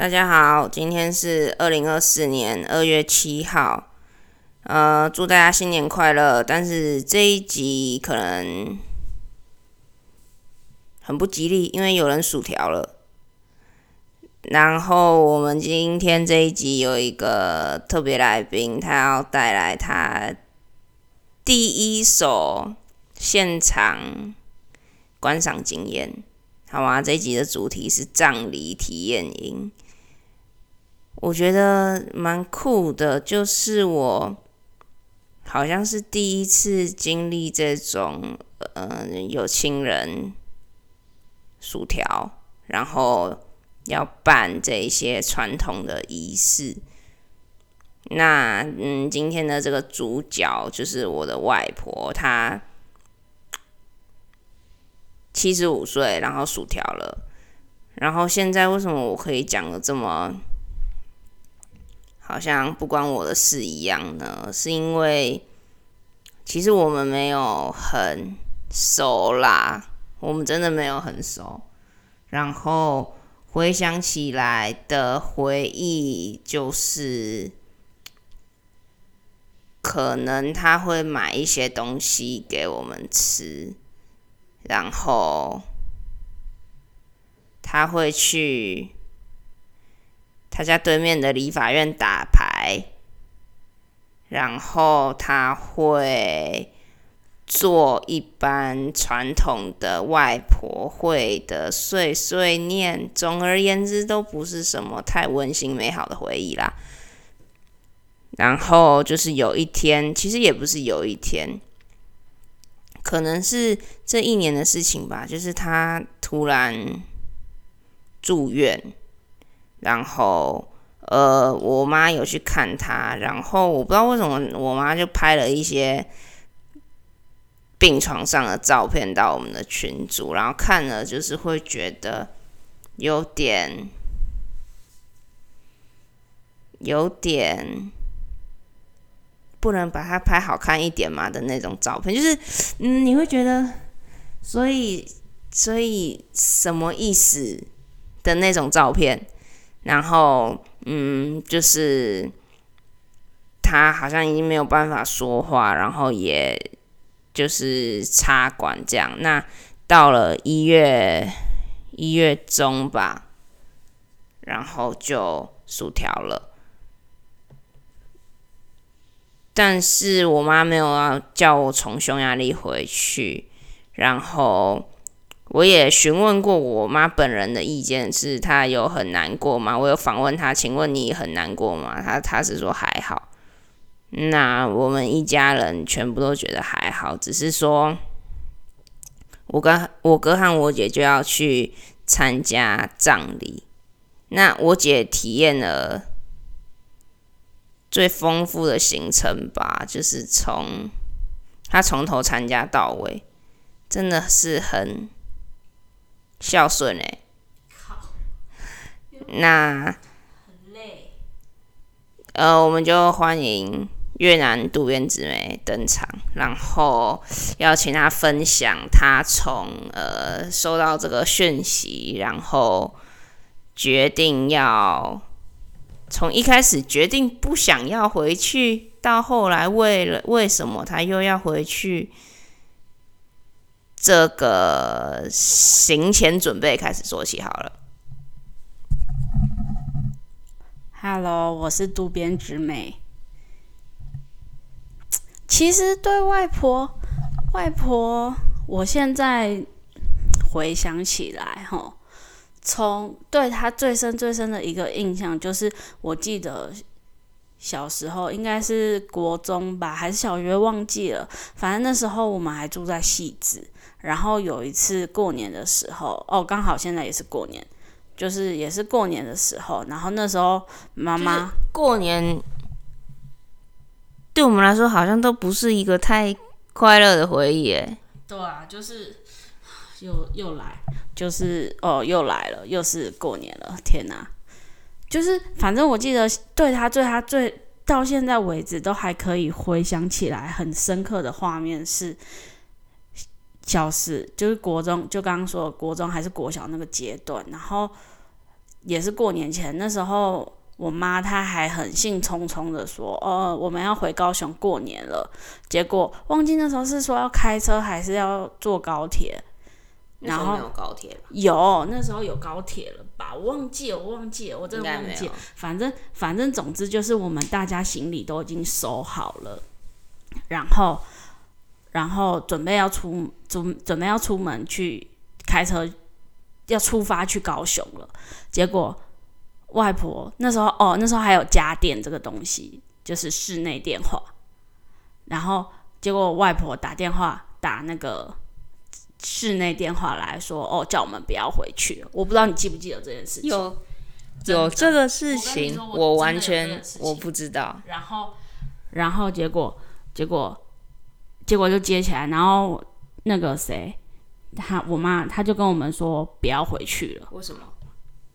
大家好，今天是二零二四年二月七號，呃，祝大家新年快樂。但是這一集可能很不吉利，因為有人薯條了。然後我們今天這一集有一個特別來賓，他要帶來他第一手現場觀賞經驗。好啊，這一集的主題是葬禮體驗營。我覺得蠻酷的，就是我好像是第一次經歷這種，呃，有親人薯條，然後要辦這一些傳統的儀式。那嗯，今天的這個主角就是我的外婆，她七十五歲，然後薯條了。然後現在為什麼我可以講得這麼？好像不關我的事一樣呢，是因為其實我們沒有很熟啦，我們真的沒有很熟。然後回想起來的回憶就是，可能他會買一些東西給我們吃，然後他會去。他家對面的理髮院，打牌，然後他會做一般傳統的外婆會的碎碎念。總而言之，都不是什麼太溫馨美好的回憶啦。然後就是有一天，其實也不是有一天，可能是這一年的事情吧。就是他突然住院。然後，呃，我媽有去看她，然後我不知道為什麼，我媽就拍了一些病床上的照片到我們的群組，然後看了就是會覺得有點有點不能把它拍好看一點嘛的那種照片，就是嗯，你會覺得，所以所以什麼意思的那種照片？然後，嗯，就是他好像已經沒有辦法說話，然後也就是插管這樣。那到了一月一月中吧，然後就薯條了。但是我媽沒有要叫我從匈牙利回去，然後。我也詢問過我媽本人的意見，是她有很難過嗎？我有訪問她，請問你很難過嗎？她她是說還好。那我們一家人全部都覺得還好，只是說我，我跟我哥和我姐就要去參加葬禮，那我姐體驗了最豐富的行程吧，就是從她從頭參加到尾，真的是很。孝順呢、欸，那，累呃，我們就歡迎越南渡邊直美登場，然後邀請她分享她從呃收到這個訊息，然後決定要從一開始決定不想要回去，到後來為了為什麼她又要回去。這個行前準備開始說起好了。Hello，我是渡邊直美。其實對外婆，外婆，我現在回想起來，哈，從對她最深最深的一個印象，就是我記得小時候應該是國中吧，還是小學，忘記了。反正那時候我們還住在汐止。然後有一次過年的時候，哦，剛好現在也是過年，就是也是過年的時候。然後那時候媽媽過年，對我們來說好像都不是一個太快樂的回憶，誒，對啊，就是又又來，就是哦，又來了，又是過年了，天哪！就是反正我記得，對他，對他最，最到現在為止都還可以回想起來，很深刻的畫面是。小事，就是國中，就剛剛說的國中還是國小那個階段，然後也是過年前，那時候我媽她還很興沖沖的說：“哦、呃，我們要回高雄過年了。”結果忘記那時候是說要開車還是要坐高鐵。然後有高鐵。有那時候有高鐵了吧？我忘記，我忘記了，我真的忘記。反正反正總之就是我們大家行李都已經收好了，然後。然後準備要出準準備要出門去開車，要出發去高雄了。結果外婆那時候哦，那時候還有家電這個東西，就是室內電話。然後結果外婆打電話打那個室內電話來說哦，叫我們不要回去。我不知道你記不記得這件事情？有，有這個事情，我跟你說我真的有這個事情。我完全，我不知道。然後然後結果結果。結果就接起來，然後那個誰，他我媽，他就跟我們說不要回去了。為什麼？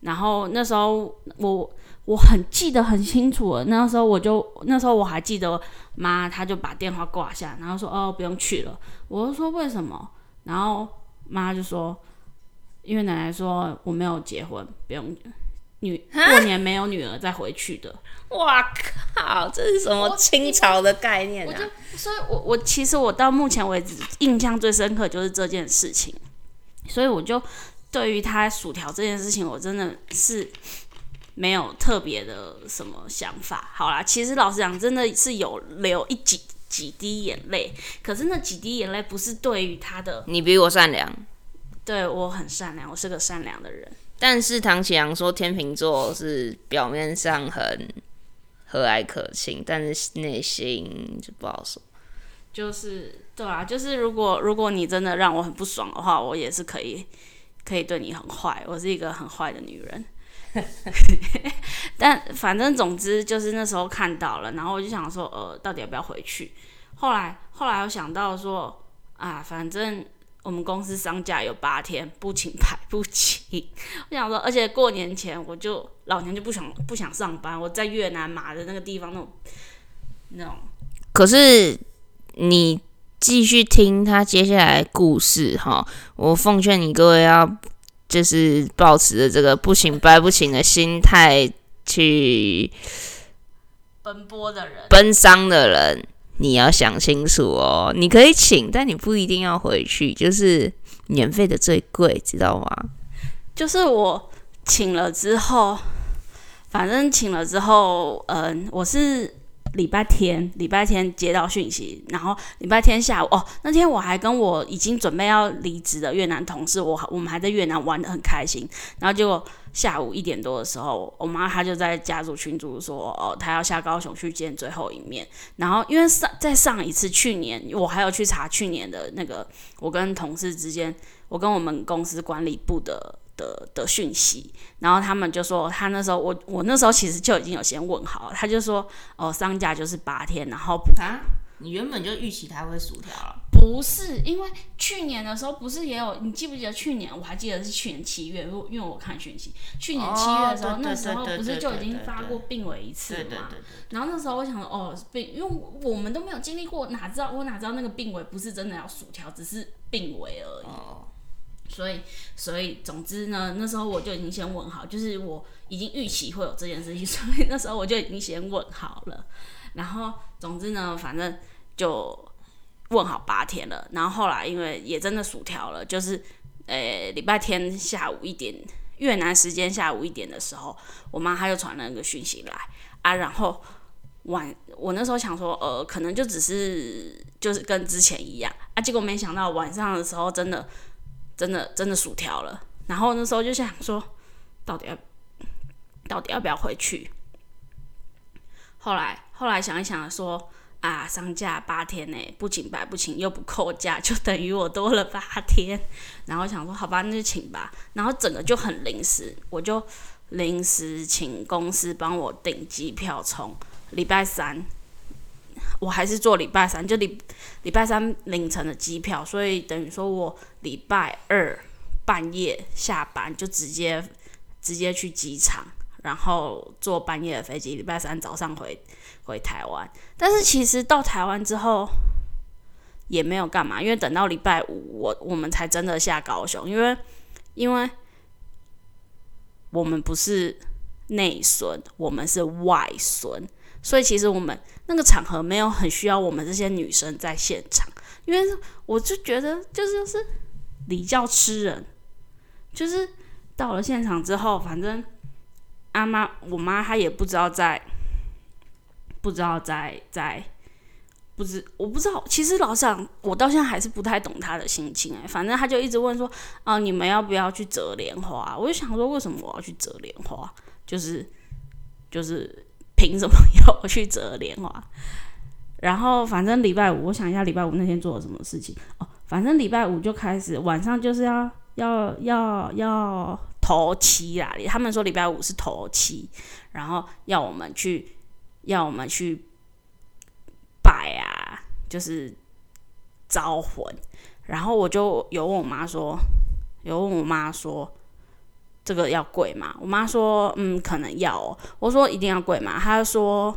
然後那時候我我很記得很清楚，那時候我就那時候我還記得媽，她就把電話掛下，然後說哦不用去了。我就說為什麼？然後媽就說，因為奶奶說我沒有結婚，不用，女過年沒有女兒再回去的。蛤哇靠！這是什麼清朝的概念啊？所以，我我，我，我其實我到目前為止印象最深刻就是這件事情，所以我就對於他薯條這件事情，我真的是沒有特別的什麼想法。好啦，其實老實講，真的是有流一幾幾滴眼淚，可是那幾滴眼淚不是對於他的，你比我善良，對我很善良，我是個善良的人。但是唐綺陽說天秤座是表面上很和藹可親，但是內心就不好說。就是對啊，就是如果如果你真的讓我很不爽的話，我也是可以可以對你很壞。我是一個很壞的女人。 但反正總之就是那時候看到了，然後我就想說，呃，到底要不要回去？後來後來我想到說，啊，反正。我們公司喪假有八天，不請白不請。 我想說，而且過年前我就老娘就不想不想上班。我在越南嘛的那個地方，那種那種。可是你繼續聽他接下來的故事哈，我奉勸你各位要就是保持着這個不請白不請的心態，去奔波的人，奔喪的人。你要想清楚哦，你可以請，但你不一定要回去，就是免費的最貴，知道嗎？就是我請了之後，反正請了之後，嗯、呃，我是。禮拜天，禮拜天接到訊息，然後禮拜天下午哦，那天我還跟我已經準備要離職的越南同事，我我們還在越南玩的很開心，然後結果下午一點多的時候，我媽她就在家族群組說哦，她要下高雄去見最後一面。然後因為上在上一次，去年我還有去查去年的那個我跟同事之間，我跟我們公司管理部的。的的訊息，然後他們就說他那時候我我那時候其實就已經有先問好了，他就說哦、呃、商家就是八天，然後補啊，你原本就預期他會薯條了，不是因為去年的時候不是也有，你記不記得去年？我還記得是去年七月，因為我看訊息，去年七月的時候那時候不是就已經發過病危一次嗎？然後那時候我想說哦病，因為我們都沒有經歷過，哪知道我哪知道那個病危不是真的要薯條，只是病危而已。哦所以，所以，總之呢，那時候我就已經先問好，就是我已經預期會有這件事情，所以那時候我就已經先問好了。然後，總之呢，反正就問好八天了。然後後來，因為也真的薯條了，就是呃，禮拜天下午一點，越南時間下午一點的時候，我媽她就傳了一個訊息來啊。然後晚，我那時候想說，呃，可能就只是就是跟之前一樣啊。結果沒想到晚上的時候真的。真的真的薯條了，然後那時候就想說，到底要到底要不要回去？後來後來想一想說，啊，喪假八天呢，不請白不請，又不扣假，就等於我多了八天。然後想說，好吧，那就請吧。然後整個就很臨時，我就臨時請公司幫我訂機票，從禮拜三。我還是坐禮拜三，就禮禮拜三凌晨的機票，所以等於說我禮拜二半夜下班就直接直接去機場，然後坐半夜的飛機，禮拜三早上回回台灣。但是其實到台灣之後也沒有幹嘛，因為等到禮拜五，我我們才真的下高雄，因為因為我們不是內孫，我們是外孫，所以其實我們。那個場合沒有很需要我們這些女生在現場，因為我就覺得就是就是禮教吃人，就是到了現場之後，反正阿媽我媽她也不知道在，不知道在在不知我不知道，其實老實講，我到現在還是不太懂她的心情、欸、反正她就一直問說啊、呃，你們要不要去折蓮花？我就想說，為什麼我要去折蓮花？就是就是。憑什麼要我去折蓮花？然後反正禮拜五，我想一下，禮拜五那天做了什麼事情哦？反正禮拜五就開始晚上就是要要要要頭七啦，他們說禮拜五是頭七，然後要我們去要我們去拜啊，就是招魂。然後我就有問我媽說，有問我媽說。這個要跪嗎？我媽說，嗯，可能要哦。我說一定要跪嘛？她就說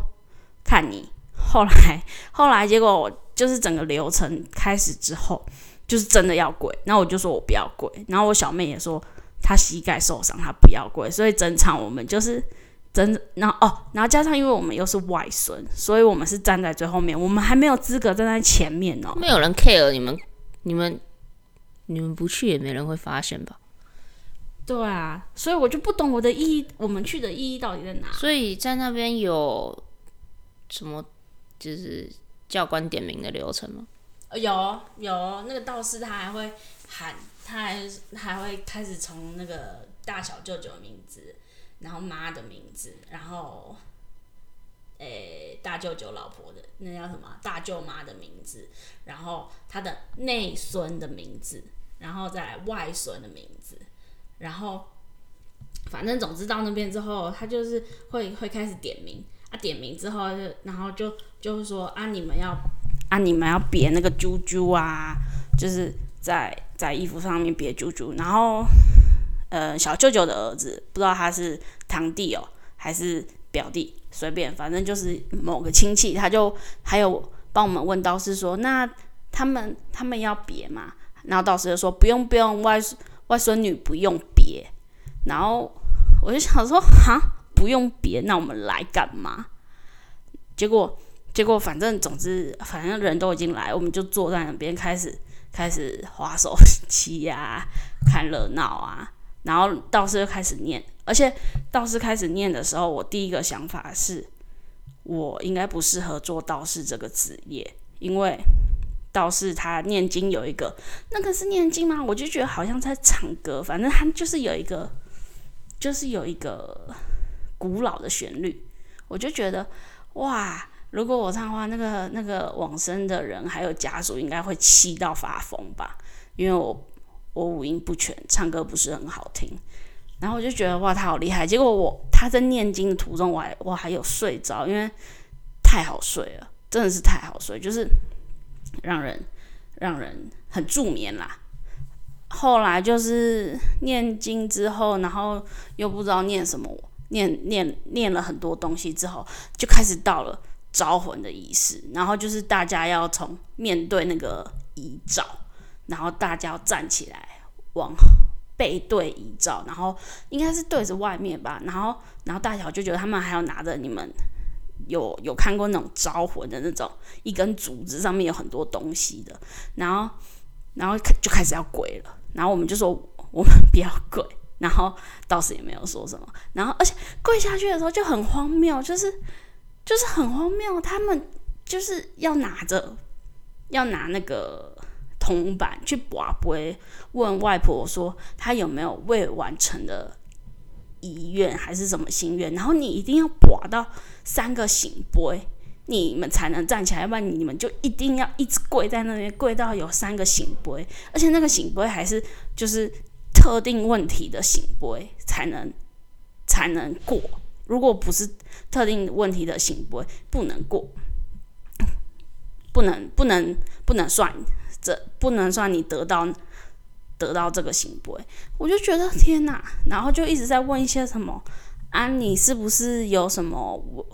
看你。後來，後來結果我就是整個流程開始之後，就是真的要跪。然後我就說我不要跪。然後我小妹也說她膝蓋受傷，她不要跪。所以整場我們就是真，然後哦，然後加上因為我們又是外孫，所以我們是站在最後面，我們還沒有資格站在前面哦。沒有人 care 你們，你們你們不去也沒人會發現吧。對啊，所以我就不懂我的意義，我們去的意義到底在哪？所以在那邊有什麼就是教官點名的流程嗎？有有，那個道士他還會喊，他還還會開始從那個大小舅舅的名字，然後媽的名字，然後，欸，大舅舅老婆的那叫什麼？大舅媽的名字，然後他的內孫的名字，然後再外孫的名字。然後，反正總之到那邊之後，他就是會會開始點名啊，點名之後就，然後就就是說啊，你們要啊，你們要別那個啾啾啊，就是在在衣服上面別啾啾。然後，呃，小舅舅的兒子不知道他是堂弟哦，還是表弟，隨便，反正就是某個親戚，他就還有幫我們問道士說，那他們他們要別嘛？然後道士就說不用不用，外。外孫女不用別，然後我就想說哈，不用別，那我們來幹嘛？結果結果，反正總之，反正人都已經來，我們就坐在那邊開始開始滑手機呀、啊，看熱鬧啊。然後道士又開始念，而且道士開始念的時候，我第一個想法是，我應該不適合做道士這個職業，因為。倒是他念經有一個，那個是念經嗎？我就覺得好像在唱歌，反正他就是有一個，就是有一個古老的旋律，我就覺得哇，如果我唱的話，那個那個往生的人還有家屬應該會氣到發瘋吧，因為我我五音不全，唱歌不是很好聽，然後我就覺得哇，他好厲害。結果我他在念經的途中，我還我還有睡着，因為太好睡了，真的是太好睡，就是。讓人讓人很助眠啦。後來就是念經之後，然後又不知道念什麼，念念念了很多東西之後，就開始到了招魂的儀式。然後就是大家要從面對那個遺照，然後大家要站起來往背對遺照，然後應該是對着外面吧。然後，然後大小舅舅他們還要拿着你們。有有看過那種招魂的那種，一根竹子上面有很多東西的，然後然後就開始要跪了，然後我們就說我們不要跪，然後道士也沒有說什麼，然後而且跪下去的時候就很荒謬，就是就是很荒謬，他們就是要拿着要拿那個銅板去擲筊問外婆說她有沒有未完成的遺願還是什麼心願，然後你一定要擲到。三個聖杯，你們才能站起來，要不然你們就一定要一直跪在那邊跪到有三個聖杯，而且那個聖杯還是就是特定問題的聖杯才能才能過，如果不是特定問題的聖杯不能過，不能不能不能算這不能算你得到得到這個聖杯。我就覺得天哪，然後就一直在問一些什麼。啊，你是不是有什麼？我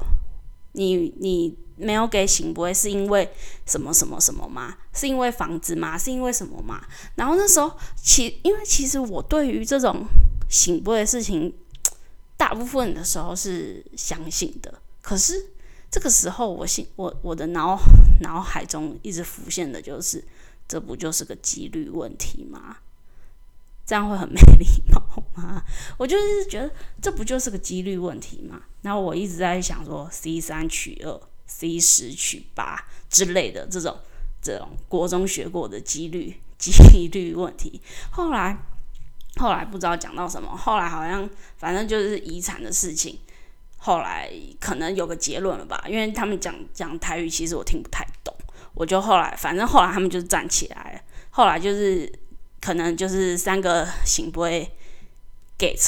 你你沒有給醒波是因為什麼什麼什麼嗎？是因為房子嗎？是因為什麼嗎？然後那時候，其因為其實我對於這種醒波的事情，大部分的時候是相信的。可是這個時候我，我心我我的腦腦海中一直浮現的就是，這不就是個幾率問題嗎？這樣會很沒禮貌嗎？我就是覺得這不就是個幾率問題嗎？那我一直在想說，C 三取二，C 十取八之類的這種這種國中學過的幾率幾率問題。後來後來不知道講到什麼，後來好像反正就是遺產的事情。後來可能有個結論了吧，因為他們講講台語，其實我聽不太懂。我就後來反正後來他們就站起來了，後來就是。可能就是三個行，不會 get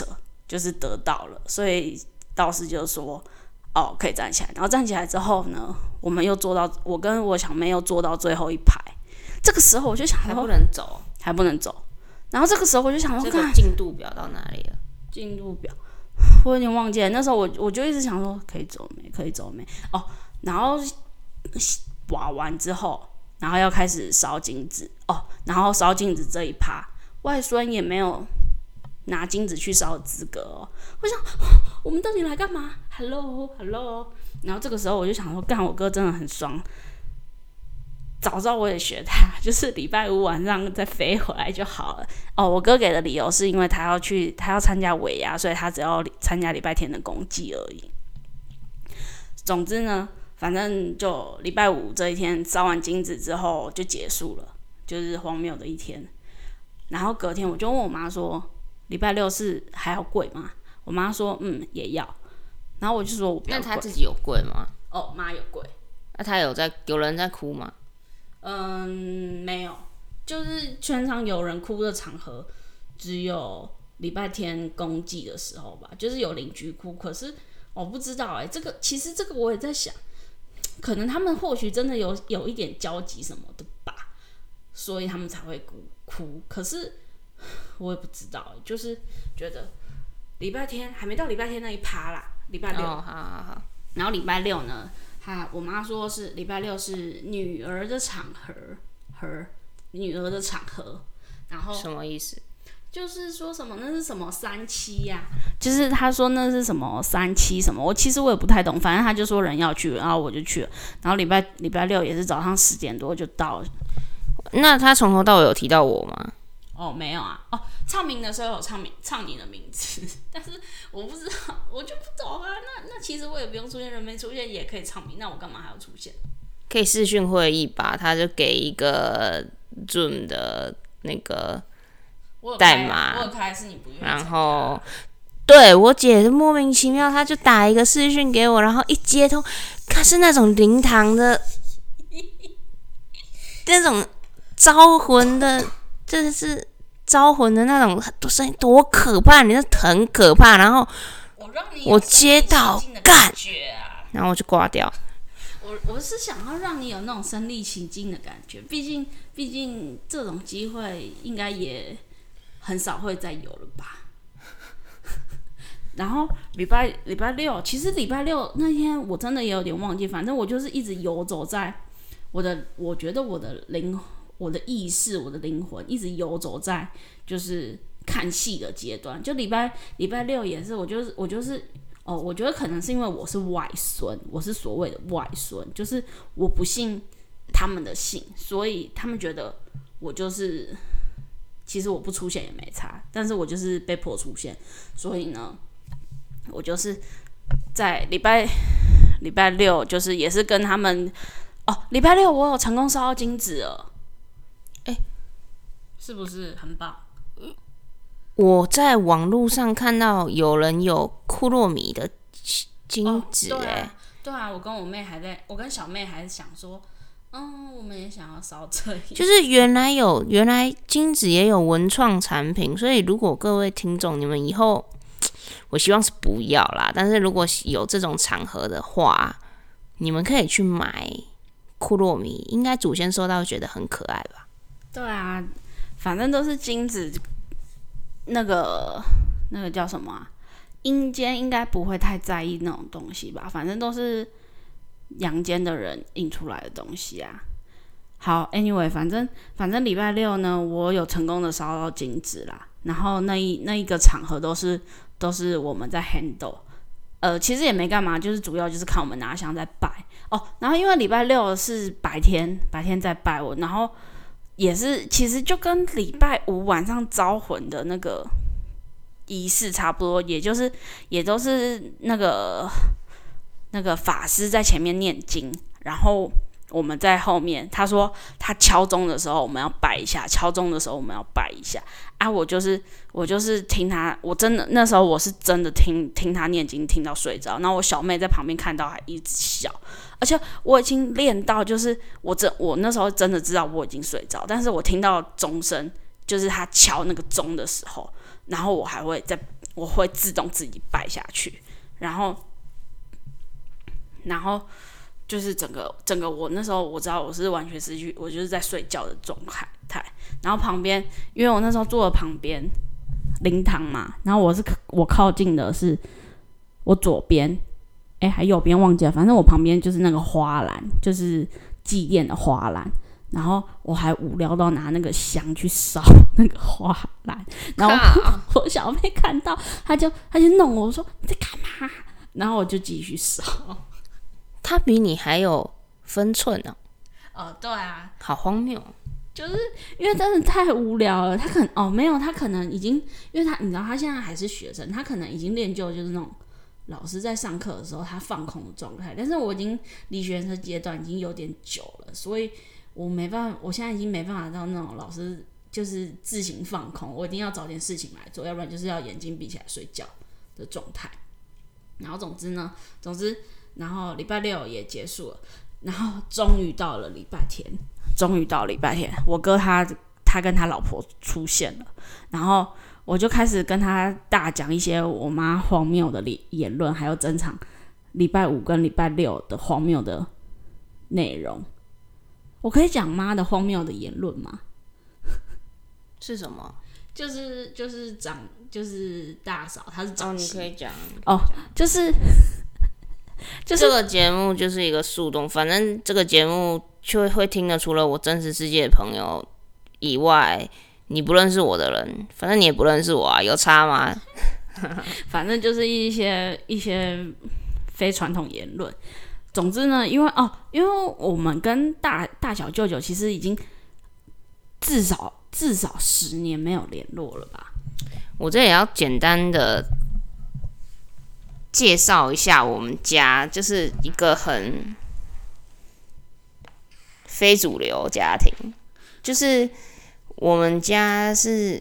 就是得到了，所以道士就說：“哦，可以站起來。”然後站起來之後呢，我們又坐到，我跟我小妹又坐到最後一排。這個時候我就想，還不能走，還不能走。然後這個時候我就想說，我看進度表到哪裡了，進度表我有點忘記了。那時候我我就一直想說，可以走沒？可以走沒？哦，然後畫完之後。然後要開始燒金子哦，然後燒金子這一趴，外孫也沒有拿金子去燒資格哦。我想，我們到底來幹嘛？Hello，Hello。Hello? Hello? 然後這個時候我就想說，幹我哥真的很爽。早知道我也學他，就是禮拜五晚上再飛回來就好了。哦，我哥給的理由是因為他要去，他要參加尾牙，所以他只要參加禮拜天的公祭而已。總之呢。反正就禮拜五這一天燒完金子之後就結束了，就是荒謬的一天。然後隔天我就問我媽說：“禮拜六是還要跪嗎？”我媽說：“嗯，也要。”然後我就說我：“那他自己有跪嗎？”哦，媽有跪。那、啊、他有在有人在哭嗎？嗯，沒有。就是全場有人哭的場合，只有禮拜天公祭的時候吧。就是有鄰居哭，可是我不知道哎、欸，這個其實這個我也在想。可能他們或許真的有有一點交集什麼的吧，所以他們才會哭哭。可是我也不知道，就是覺得禮拜天還沒到禮拜天那一趴啦，禮拜六、哦，好好好。然後禮拜六呢，哈，我媽說是禮拜六是女兒的場合，和女兒的場合。然後什麼意思？就是說什麼那是什麼三七呀、啊？就是他說那是什麼三七什麼？我其實我也不太懂，反正他就說人要去，然後我就去了。然後禮拜禮拜六也是早上十點多就到。那他從頭到尾有提到我嗎？哦，沒有啊。哦，唱名的時候有唱名唱你的名字，但是我不知道，我就不懂啊。那那其實我也不用出現，人沒出現也可以唱名，那我幹嘛還要出現？可以視訊會議吧，他就給一個 Zoom 的那個。代碼，啊、然後對我姐是莫名其妙，她就打一個視訊給我，然後一接通，她是那種靈堂的， 那種招魂的，就是招魂的那種多聲音多，多可怕，你是很可怕。然後我、啊、我接到幹，然後我就掛掉。我我是想要讓你有那種身臨其境的感覺，畢竟畢竟，竟這種機會應該也。很少會再有了吧。 然後禮拜禮拜六，其實禮拜六那天我真的也有點忘記，反正我就是一直游走在我的，我覺得我的靈、我的意識、我的靈魂一直游走在就是看戲的階段。就禮拜禮拜六也是我、就是，我就是我就是哦，我覺得可能是因為我是外孫，我是所謂的外孫，就是我不信他們的姓，所以他們覺得我就是。其實我不出現也沒差，但是我就是被迫出現，所以呢，我就是在禮拜禮拜六，就是也是跟他們哦，禮拜六我有成功燒金紙了，哎、欸，是不是很棒？我在網絡上看到有人有庫洛米的金紙、欸，哎、哦啊，對啊，我跟我妹還在，我跟小妹還是想說。哦，oh, 我們也想要燒，這就是原來有，原來金子，也有文創產品，所以如果各位聽眾，你們以後，我希望是不要啦。但是如果有這種場合的話，你們可以去買庫洛米，應該祖先收到覺得很可愛吧？對啊，反正都是金子，那個那個叫什麼啊？陰間應該不會太在意那種東西吧？反正都是陽間的人印出來的東西啊，好，anyway，反正反正禮拜六呢，我有成功的燒到金紙啦。然後那一那一個場合都是都是我們在 handle，呃，其實也沒幹嘛，就是主要就是看我們拿香在拜哦。然後因為禮拜六是白天，白天在拜我，然後也是其實就跟禮拜五晚上招魂的那個儀式差不多，也就是也都是那個。那個法師在前面念經，然後我們在後面。他說他敲鐘的時候，我們要拜一下；敲鐘的時候，我們要拜一下。啊，我就是我就是聽他，我真的那時候我是真的聽聽他念經，聽到睡着。然後我小妹在旁邊看到，還一直笑。而且我已經練到，就是我真我那時候真的知道我已經睡着，但是我聽到鐘聲，就是他敲那個鐘的時候，然後我還會在我會自動自己拜下去，然後。然後就是整個整個我，我那時候我知道我是完全失去，我就是在睡覺的狀態。然後旁邊，因為我那時候坐的旁邊靈堂嘛，然後我是我靠近的是我左邊，哎，還右邊忘記了，反正我旁邊就是那個花籃，就是祭奠的花籃。然後我還無聊到拿那個香去燒那個花籃，然後靠 我小妹看到，她就她就弄我，我說你在幹嘛？然後我就繼續燒。他比你還有分寸呢。哦，哦，對啊，好荒謬，就是因為真的太無聊了。他可能哦，沒有，他可能已經，因為他你知道，他現在還是學生，他可能已經練就就是那種老師在上課的時候他放空的狀態。但是我已經離學生階段已經有點久了，所以我沒辦法，我現在已經沒辦法到那種老師就是自行放空，我一定要找點事情來做，要不然就是要眼睛閉起來睡覺的狀態。然後總之呢，總之。然後禮拜六也結束了，然後終於到了禮拜天，終於到禮拜天，我哥他他跟他老婆出現了，然後我就開始跟他大講一些我媽荒謬的理言論，還有整場禮拜五跟禮拜六的荒謬的內容。我可以講媽的荒謬的言論嗎？是什麼？就是就是長就是大嫂，她是長、嗯、你可以講哦，講 oh, 就是。 就這個節目就是一個樹洞，反正這個節目就會聽得除了我真實世界的朋友以外，你不認識我的人，反正你也不認識我啊，有差嗎？ 反正就是一些一些非傳統言論。總之呢，因為哦，因為我們跟大大小舅舅其實已經至少至少十年沒有聯絡了吧？我這也要簡單的。介紹一下我們家，就是一個很非主流家庭。就是我們家是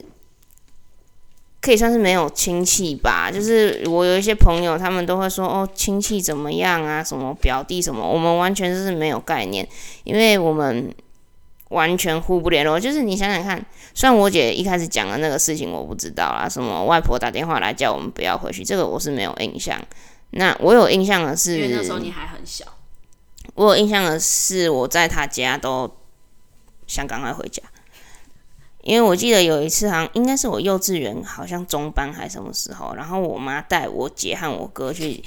可以算是沒有親戚吧。就是我有一些朋友，他們都會說：“哦，親戚怎麼樣啊？什麼表弟什麼？”我們完全就是沒有概念，因為我們，完全互不聯絡，就是你想想看，雖然我姐一開始講的那個事情我不知道啊，什麼外婆打電話來叫我們不要回去，這個我是沒有印象。那我有印象的是，因為那時候你還很小，我有印象的是我在她家都想趕快回家，因為我記得有一次好像應該是我幼稚園好像中班還是什麼時候，然後我媽帶我姐和我哥去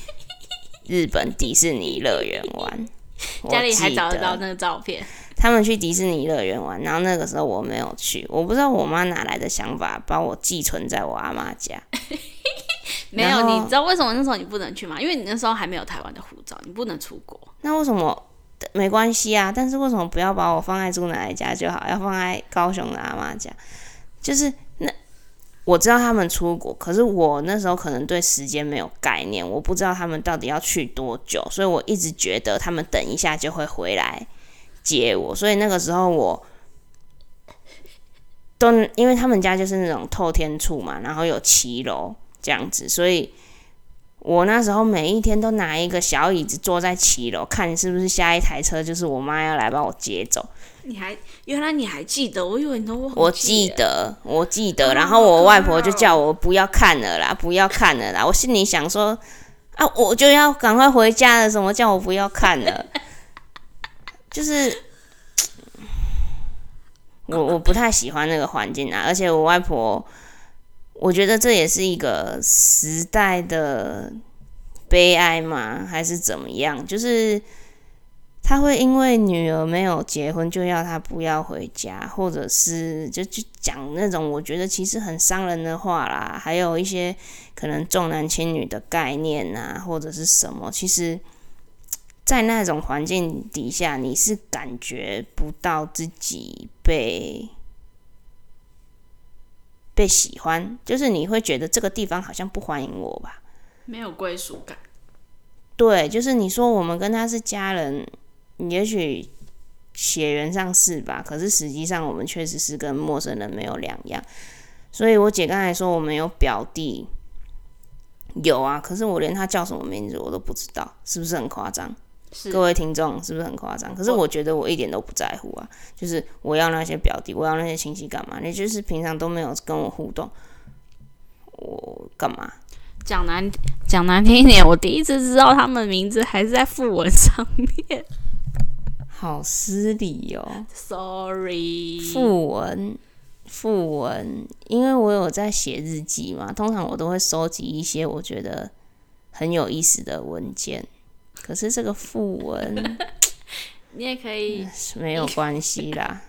日本迪士尼樂園玩， 家裡還找得到那個照片。他們去迪士尼樂園玩，然後那個時候我沒有去，我不知道我媽哪來的想法，把我寄存在我阿媽家。 沒有，然後，你知道為什麼那時候你不能去嗎？因為你那時候還沒有台灣的護照，你不能出國。那為什麼？沒關係啊。但是為什麼不要把我放在朱奶奶家就好，要放在高雄的阿媽家？就是那我知道他們出國，可是我那時候可能對時間沒有概念，我不知道他們到底要去多久，所以我一直覺得他們等一下就會回來。接我，所以那個時候我都因為他們家就是那種透天厝嘛，然後有騎樓這樣子，所以我那時候每一天都拿一個小椅子坐在騎樓，看是不是下一台車就是我媽要來把我接走。你還原來你還記得，我以為你都忘我記得我記得，然後我外婆就叫我不要看了啦，不要看了啦。我心裡想說啊，我就要趕快回家了什，怎麼叫我不要看了？ 就是我我不太喜歡那個環境啊，而且我外婆，我覺得這也是一個時代的悲哀嘛，還是怎麼樣？就是她會因為女兒沒有結婚就要她不要回家，或者是就就講那種我覺得其實很傷人的話啦，還有一些可能重男輕女的概念啊，或者是什麼，其實。在那種環境底下，你是感覺不到自己被被喜歡，就是你會覺得這個地方好像不歡迎我吧？沒有歸屬感。對，就是你說我們跟他是家人，也許血緣上是吧，可是實際上我們確實是跟陌生人沒有兩樣。所以，我姐剛才說我們有表弟，有啊，可是我連他叫什麼名字我都不知道，是不是很誇張？是各位聽眾是不是很誇張？可是我覺得我一點都不在乎啊！我就是我要那些表弟，我要那些親戚幹嘛？你就是平常都沒有跟我互動，我幹嘛？講難講難聽一點，我第一次知道他們的名字還是在訃文上面， 好失禮哦，Sorry。訃文、訃文，因為我有在寫日記嘛，通常我都會收集一些我覺得很有意思的文件。可是這個符文，你也可以，沒有關係啦。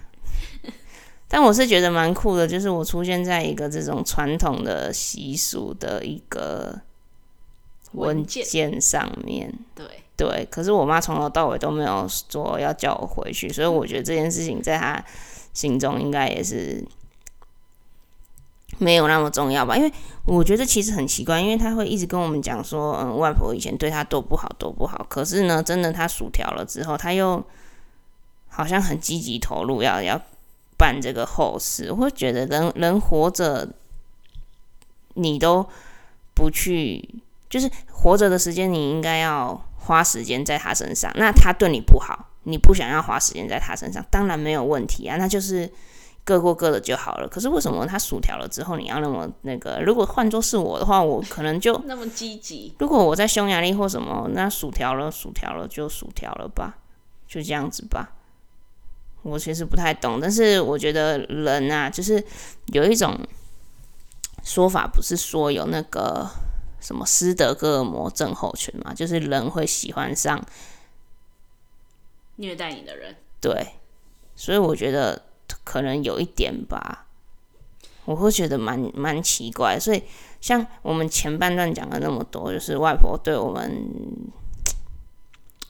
但我是覺得蠻酷的，就是我出現在一個這種傳統的習俗的一個文件上面，對對。可是我媽從頭到尾都沒有說要叫我回去，所以我覺得這件事情在她心中應該也是。沒有那麼重要吧，因為我覺得其實很奇怪，因為他會一直跟我們講說，嗯，外婆以前對他多不好，多不好。可是呢，真的他薯條了之後，他又好像很積極投入要，要要辦這個後事。我覺得人人活着，你都不去，就是活着的時間，你應該要花時間在他身上。那他對你不好，你不想要花時間在他身上，當然沒有問題啊，那就是。各過各的就好了。可是為什麼他薯條了之後，你要那麼那個？如果換作是我的話，我可能就 那麼積極。如果我在匈牙利或什麼，那薯條了，薯條了就薯條了吧，就這樣子吧。我其實不太懂，但是我覺得人啊，就是有一種說法，不是說有那個什麼斯德哥爾摩症候群嘛，就是人會喜歡上虐待你的人。對，所以我覺得。可能有一點吧，我會覺得蠻蠻奇怪。所以像我們前半段講了那麼多，就是外婆對我們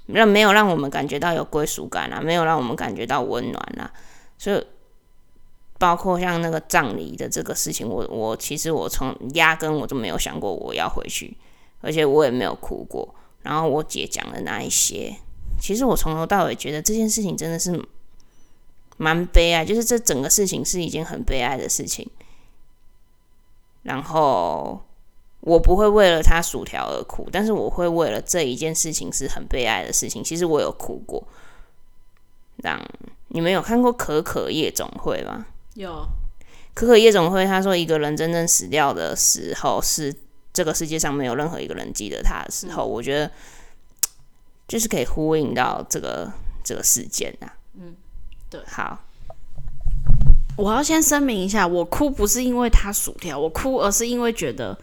讓沒有讓我們感覺到有歸屬感啊，沒有讓我們感覺到溫暖啊。所以包括像那個葬禮的這個事情，我我其實我從壓根我就沒有想過我要回去，而且我也沒有哭過。然後我姐講的那一些，其實我從頭到尾覺得這件事情真的是。蠻悲哀，就是這整個事情是一件很悲哀的事情。然後我不會為了他薯條而哭，但是我會為了這一件事情是很悲哀的事情。其實我有哭過。那你們有看過《可可夜總會》嗎？有《可可夜總會》，他說一個人真正死掉的時候，是這個世界上沒有任何一個人記得他的時候。嗯、我覺得就是可以呼應到這個這個事件啊。對，好，我要先聲明一下，我哭不是因為他薯條，我哭而是因為覺得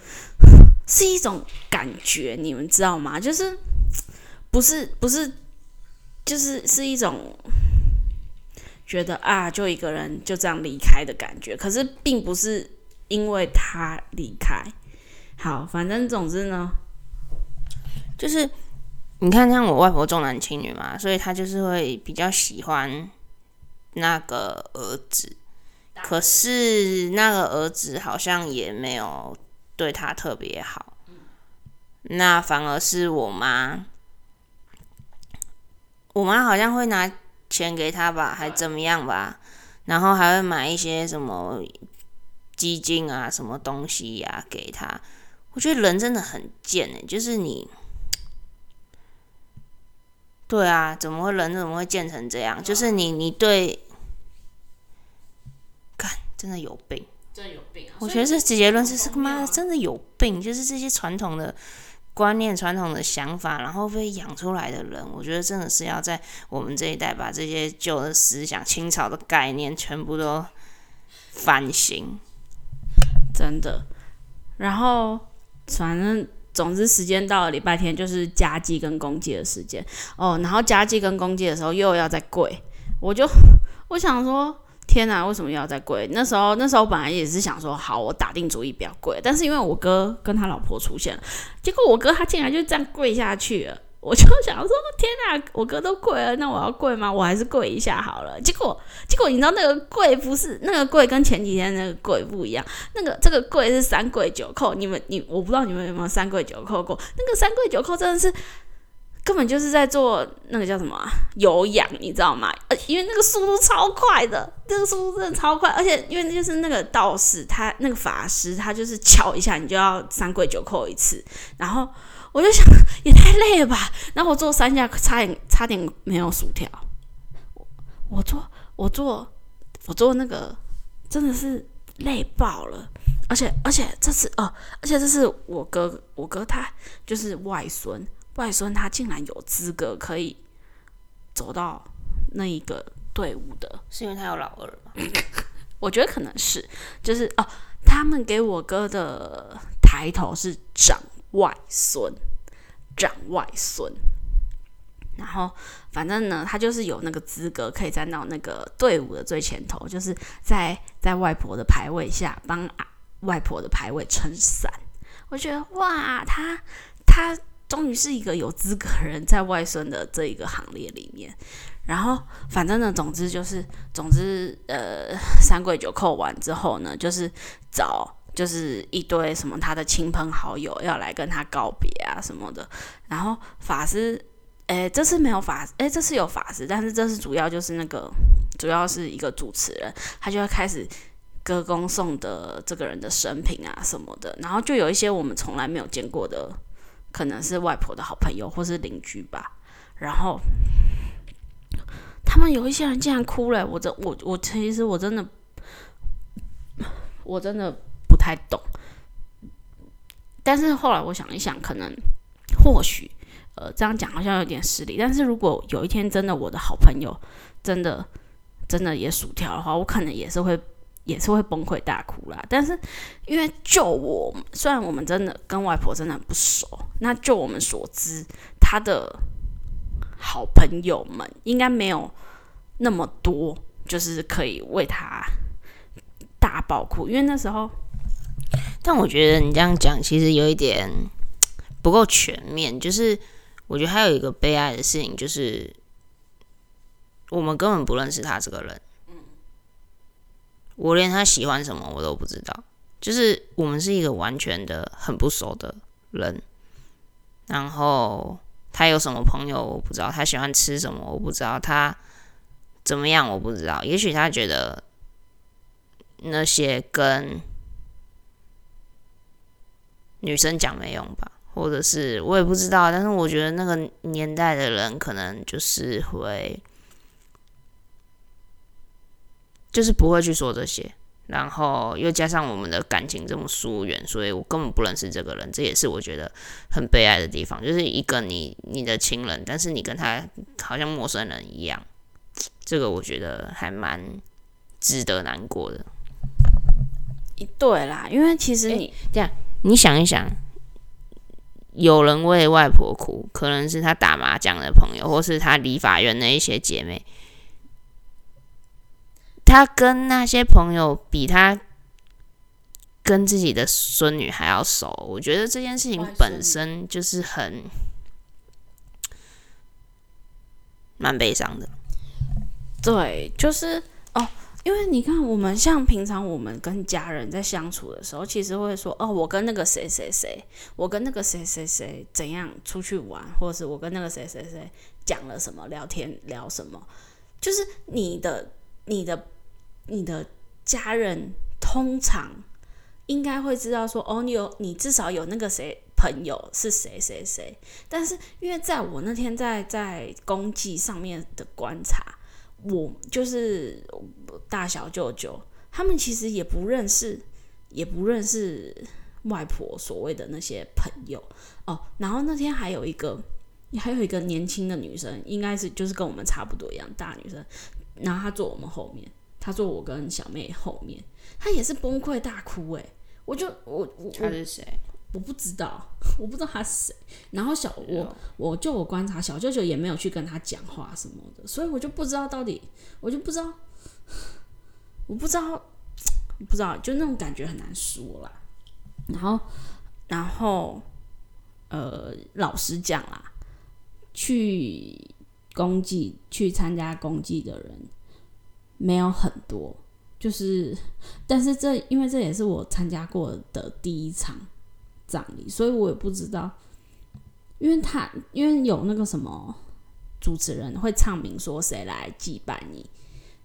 是一種感覺，你們知道嗎？就是不是不是，就是是一種覺得啊，就一個人就這樣離開的感覺，可是並不是因為他離開。好，反正總之呢，就是你看，像我外婆重男輕女嘛，所以她就是會比較喜歡。那個兒子，可是那個兒子好像也沒有對他特別好，那反而是我媽，我媽好像會拿錢給他吧，還怎麼樣吧，然後還會買一些什麼基金啊、什麼東西呀、啊、給他。我覺得人真的很賤、欸、就是你，對啊，怎麼會人怎麼會賤成這樣？就是你，你對。真的有病，真的有病、啊。我覺得這結論是，是他媽的，真的有病。就是這些傳統的觀念、傳統的想法，然後被養出來的人，我覺得真的是要在我們這一代把這些舊的思想、清朝的概念全部都翻新。真的。然後，反正總之，時間到了禮拜天就是家祭跟公祭的時間哦。然後家祭跟公祭的時候又要再跪，我就我想說。天啊，為什麼要再跪？那時候那時候本來也是想說，好，我打定主意不要跪。但是因為我哥跟他老婆出現了，結果我哥他竟然就這樣跪下去了。我就想說，天啊，我哥都跪了，那我要跪嗎？我還是跪一下好了。結果結果你知道那個跪不是那個跪，跟前幾天那個跪不一樣，那個這個跪是三跪九叩。你們你我不知道你們有沒有三跪九叩過？那個三跪九叩真的是。根本就是在做那個叫什麼、啊、有氧，你知道嗎？呃、欸，因為那個速度超快的，那、這個速度真的超快，而且因為那就是那個道士他那個法師他就是敲一下，你就要三跪九叩一次，然後我就想，也太累了吧。然後我做三下，差點差點沒有薯條。我我做我做我做那個真的是累爆了，而且而且這次哦，而且這是我哥我哥他就是外孫。外孫他竟然有資格可以走到那一個隊伍的，是因為他有老二了嗎？ 我覺得可能是，就是哦，他們給我哥的抬頭是長外孫，長外孫。然後反正呢，他就是有那個資格可以站到那個隊伍的最前頭，就是在在外婆的排位下幫啊外婆的排位撐傘。我覺得哇，他他。終於是一個有資格人在外孫的這一個行列裡面，然後反正呢，總之就是，總之，呃，三跪九叩完之後呢，就是找就是一堆什麼他的親朋好友要來跟他告別啊什麼的，然後法師，哎，這次沒有法，哎，這次有法師，但是這次主要就是那個主要是一個主持人，他就要開始歌功頌德這個人的生平啊什麼的，然後就有一些我們從來沒有見過的。可能是外婆的好朋友或是鄰居吧，然後他們有一些人竟然哭了，欸。我這我我其實我真的我真的不太懂，但是後來我想一想，可能或許呃這樣講好像有點失禮，但是如果有一天真的我的好朋友真的真的也薯條的話，我可能也是會。也是會崩潰大哭啦，但是因為就我，雖然我們真的跟外婆真的很不熟，那就我們所知，她的好朋友們應該沒有那麼多，就是可以為他大爆哭，因為那時候。但我覺得你這樣講其實有一點不夠全面，就是我覺得還有一個悲哀的事情，就是我們根本不認識他這個人。我連他喜歡什麼我都不知道，就是我們是一個完全的很不熟的人，然後他有什麼朋友我不知道，他喜歡吃什麼我不知道，他怎麼樣我不知道，也許他覺得那些跟女生講沒用吧，或者是我也不知道，但是我覺得那個年代的人可能就是會。就是不會去說這些，然後又加上我們的感情這麼疏遠，所以我根本不認識這個人，這也是我覺得很悲哀的地方。就是一個你你的親人，但是你跟他好像陌生人一樣，這個我覺得還蠻值得難過的。一對啦，因為其實你這樣，欸，你想一想，有人為外婆哭，可能是他打麻將的朋友，或是他理髮院的一些姐妹。他跟那些朋友比，他跟自己的孫女還要熟。我覺得這件事情本身就是很蠻悲傷的。對，就是哦，因為你看，我們像平常我們跟家人在相處的時候，其實會說：“哦，我跟那個誰誰誰，我跟那個誰誰誰怎樣出去玩，或者是我跟那個誰誰誰講了什麼，聊天聊什麼。”就是你的，你的。你的家人通常應該會知道說，哦，你有你至少有那個誰朋友是誰誰誰。但是因為在我那天在在公祭上面的觀察，我就是我大小舅舅他們其實也不認識，也不認識外婆所謂的那些朋友哦。然後那天還有一個，還有一個年輕的女生，應該是就是跟我們差不多一樣大女生，然後她坐我們後面。他坐我跟小妹後面，他也是崩潰大哭誒，我就我我，我他是誰？我不知道，我不知道他是誰。然後小我我就我觀察小舅舅也沒有去跟他講話什麼的，所以我就不知道到底，我就不知道，我不知道，不知道，就那種感覺很難說啦。然後，然後，呃，老實講啦，去公祭，去參加公祭的人。沒有很多，就是，但是這因為這也是我參加過的第一場葬禮，所以我也不知道，因為他因為有那個什麼主持人會唱名說誰來祭拜你，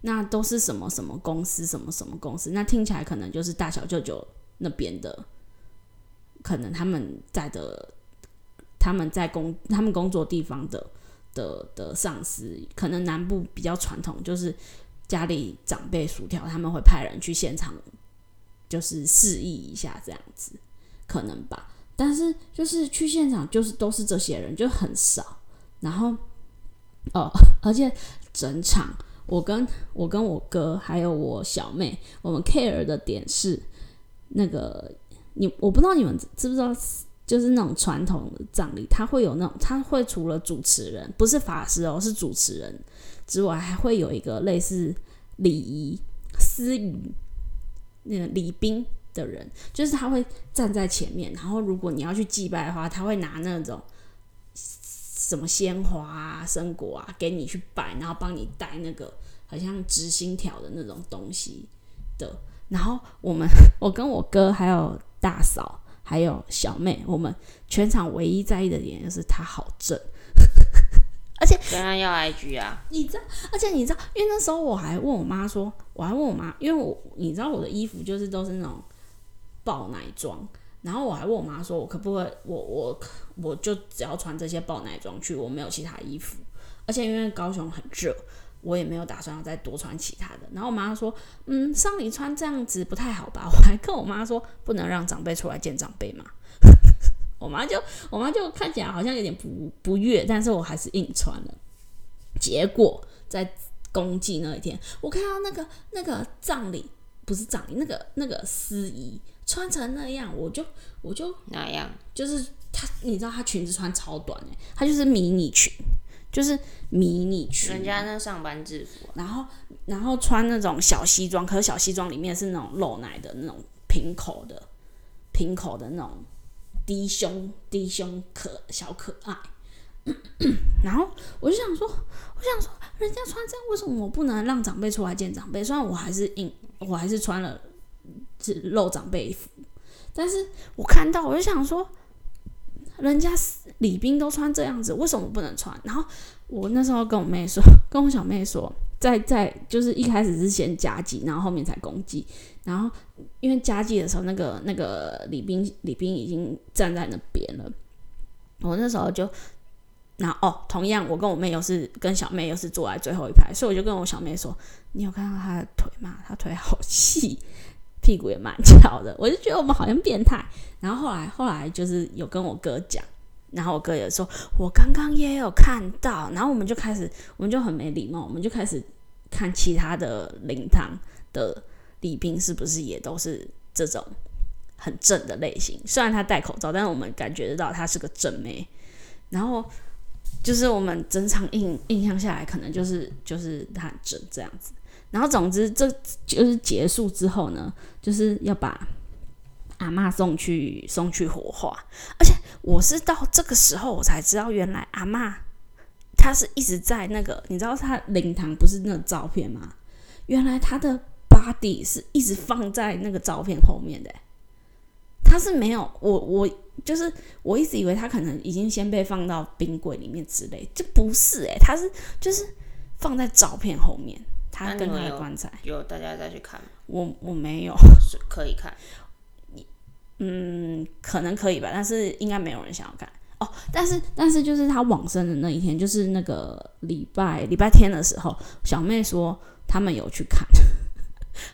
那都是什麼什麼公司什麼什麼公司，那聽起來可能就是大小舅舅那邊的，可能他們在的他們在工他們工作地方的的的上司，可能南部比較傳統就是。家裡長輩薯條，他們會派人去現場，就是示意一下這樣子，可能吧。但是就是去現場，就是都是這些人，就很少。然後哦，而且整場我，我跟我跟我哥還有我小妹，我們 care 的點是那個你，我不知道你們知不知道，就是那種傳統的葬禮，他會有那種，他會除了主持人，不是法師哦，是主持人。之外，還會有一個類似禮儀司儀，那個禮賓的人，就是他會站在前面，然後如果你要去祭拜的話，他會拿那種什麼鮮花啊、生果啊給你去擺，然後幫你帶那個好像執心條的那種東西的。然後我們，我跟我哥還有大嫂還有小妹，我們全場唯一在意的點就是他好正。而且要 IG 啊！你知道，而且你知道，因為那時候我還問我媽說，我還問我媽，因為我你知道我的衣服就是都是那種爆奶裝，然後我還問我媽說，我可不可以，我我我就只要穿這些爆奶裝去，我沒有其他衣服，而且因為高雄很熱，我也沒有打算要再多穿其他的。然後我媽說，嗯，喪禮穿這樣子不太好吧？我還跟我媽說，不能讓長輩出來見長輩嘛。 我媽就我媽就看起來好像有點不不悅，但是我還是硬穿了。結果在公祭那一天，我看到那個那個葬禮不是葬禮，那個那個司儀穿成那樣，我就我就哪樣？就是她你知道他裙子穿超短的，欸，他就是迷你裙，就是迷你裙，啊。人家那上班制服，啊，然後然後穿那種小西裝，可是小西裝裡面是那種露奶的那種平口的平口的那種。低胸、低胸可，可小可愛。 然後我就想說，我想說，人家穿這樣，為什麼我不能讓長輩出來見長輩？雖然我還是硬，我還是穿了，只露長輩衣服。但是我看到，我就想說，人家禮賓都穿這樣子，為什麼我不能穿？然後我那時候跟我妹說，跟我小妹說，在在就是一開始是先夾擊，然後後面才攻擊。然後，因為家祭的時候，那個那個李斌李斌已經站在那邊了，我那時候就，那哦，同樣我跟我妹又是跟小妹又是坐在最後一排，所以我就跟我小妹說：“你有看到她的腿嗎？她腿好細，屁股也蠻翹的。”我就覺得我們好像變態。然後後來後來就是有跟我哥講，然後我哥也說：“我剛剛也有看到。”然後我們就開始，我們就很沒禮貌，我們就開始看其他的靈堂的。李斌是不是也都是這種很正的類型？雖然他戴口罩，但是我們感覺得到他是個正妹。然後就是我們整場印印象下來，可能就是就是他很正這樣子。然後總之，這就是結束之後呢，就是要把阿嬤送去送去火化。而且我是到這個時候，我才知道原來阿嬤她是一直在那個，你知道他靈堂不是那照片嗎？原來他的。巴蒂是一直放在那個照片後面的、欸，他是沒有我我就是我一直以為他可能已經先被放到冰櫃裡面之類，就不是誒、欸，他是就是放在照片後面。他跟他的棺材你有，有大家再去看嗎？我我沒有是可以看，嗯，可能可以吧，但是應該沒有人想要看哦。但是但是就是他往生的那一天，就是那個禮拜禮拜天的時候，小妹說他們有去看。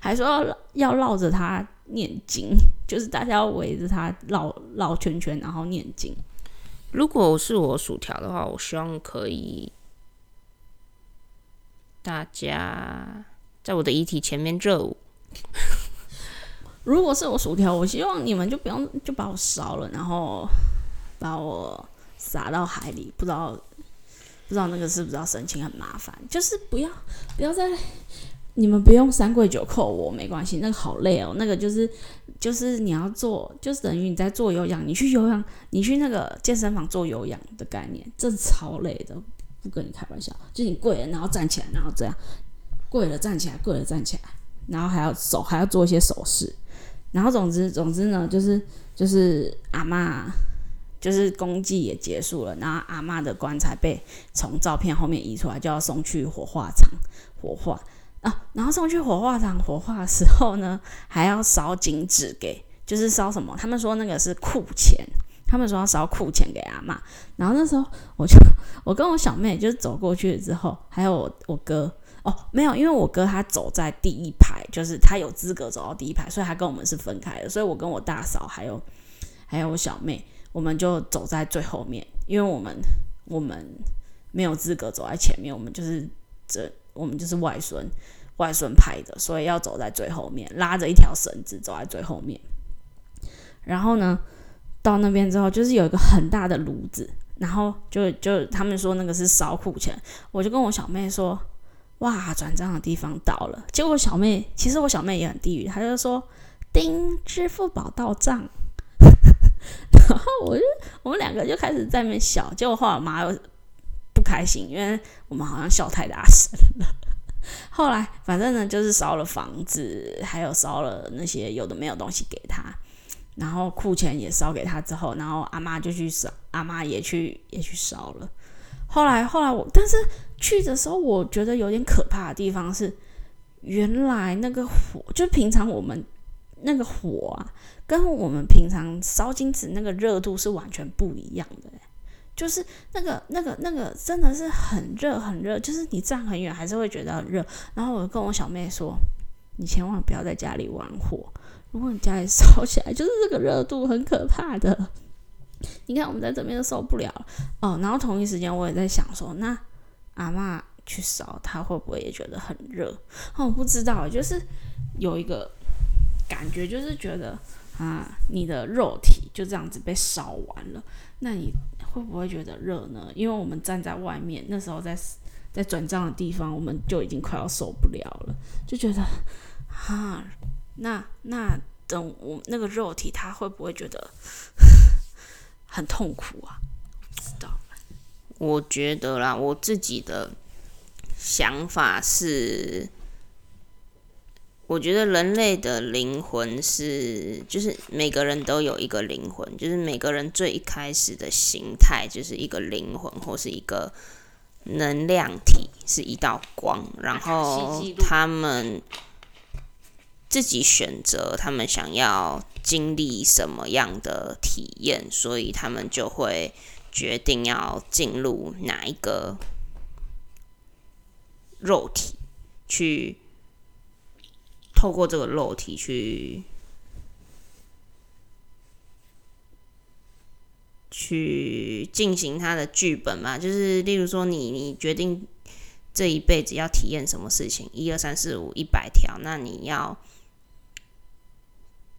還說要繞着它，念經，就是大家要圍着它繞繞圈圈，然後念經。如果是我薯條的話，我希望可以大家在我的遺體前面熱舞。 如果是我薯條，我希望你們就不用就把我燒了，然後把我撒到海裡。不知道不知道那個是不是要申請很麻煩，就是不要不要再。你們不用三跪九叩，我沒關係。那個好累哦，那個就是就是你要做，就是等於你在做有氧，你去有氧，你去那個健身房做有氧的概念，這是超累的，不跟你開玩笑。就你跪了，然後站起來，然後這樣跪了站起來，跪了站起來，然後還要手還要做一些手勢，然後總之總之呢，就是就是阿嬤就是公祭也結束了，然後阿嬤的棺材被從照片後面移出來，就要送去火化場火化。啊，然後送去火化場火化的時候呢，還要燒金紙給，就是燒什麼？他們說那個是庫錢，他們說要燒庫錢給阿嬤。然後那時候，我就我跟我小妹就是走過去了之後，還有我我哥哦沒有，因為我哥他走在第一排，就是他有資格走到第一排，所以他跟我們是分開的。所以我跟我大嫂還有還有我小妹，我們就走在最後面，因為我們我們沒有資格走在前面，我們就是這。我們就是外孫，外孫拍的，所以要走在最後面，拉着一條繩子走在最後面。然後呢，到那邊之後，就是有一個很大的爐子，然後就就他們說那個是燒庫錢。我就跟我小妹說：“哇，轉賬的地方到了。”結果小妹其實我小妹也很低語，她就說：“叮，支付寶到賬。 ”然後我就我們兩個就開始在那笑，結果後來我媽就不開心，因為我們好像笑太大聲了。後來，反正呢，就是燒了房子，還有燒了那些有的沒有東西給他，然後庫錢也燒給他之後，然後阿媽就去燒，阿媽也去也去燒了。後來，後來我，但是去的時候，我覺得有點可怕的地方是，原來那個火，就平常我們那個火啊，跟我們平常燒金紙那個熱度是完全不一樣的，欸。就是那個、那個、那個，真的是很熱、很熱。就是你站很遠還是會覺得很熱。然後我跟我小妹說：“你千萬不要在家裡玩火，如果你家裡燒起來，就是這個熱度很可怕的。”你看我們在這邊都受不了了哦。然後同一時間我也在想說：“那阿嬤去燒，她會不會也覺得很熱？”哦，不知道，就是有一個感覺，就是覺得啊，你的肉體就這樣子被燒完了，那你。會不會覺得熱呢？因為我們站在外面，那時候在在轉賬的地方，我們就已經快要受不了了，就覺得啊，那那等我那個肉體，他會不會覺得很痛苦啊？不知道，我覺得啦，我自己的想法是。我覺得人類的靈魂是，就是每個人都有一個靈魂，就是每個人最一開始的形態就是一個靈魂或是一個能量體，是一道光。然後他們自己選擇他們想要經歷什麼樣的體驗，所以他們就會決定要進入哪一個肉體去。透過這個肉體去去進行他的劇本嘛，就是例如說你，你你決定這一輩子要體驗什麼事情，一二三四五一百條，那你要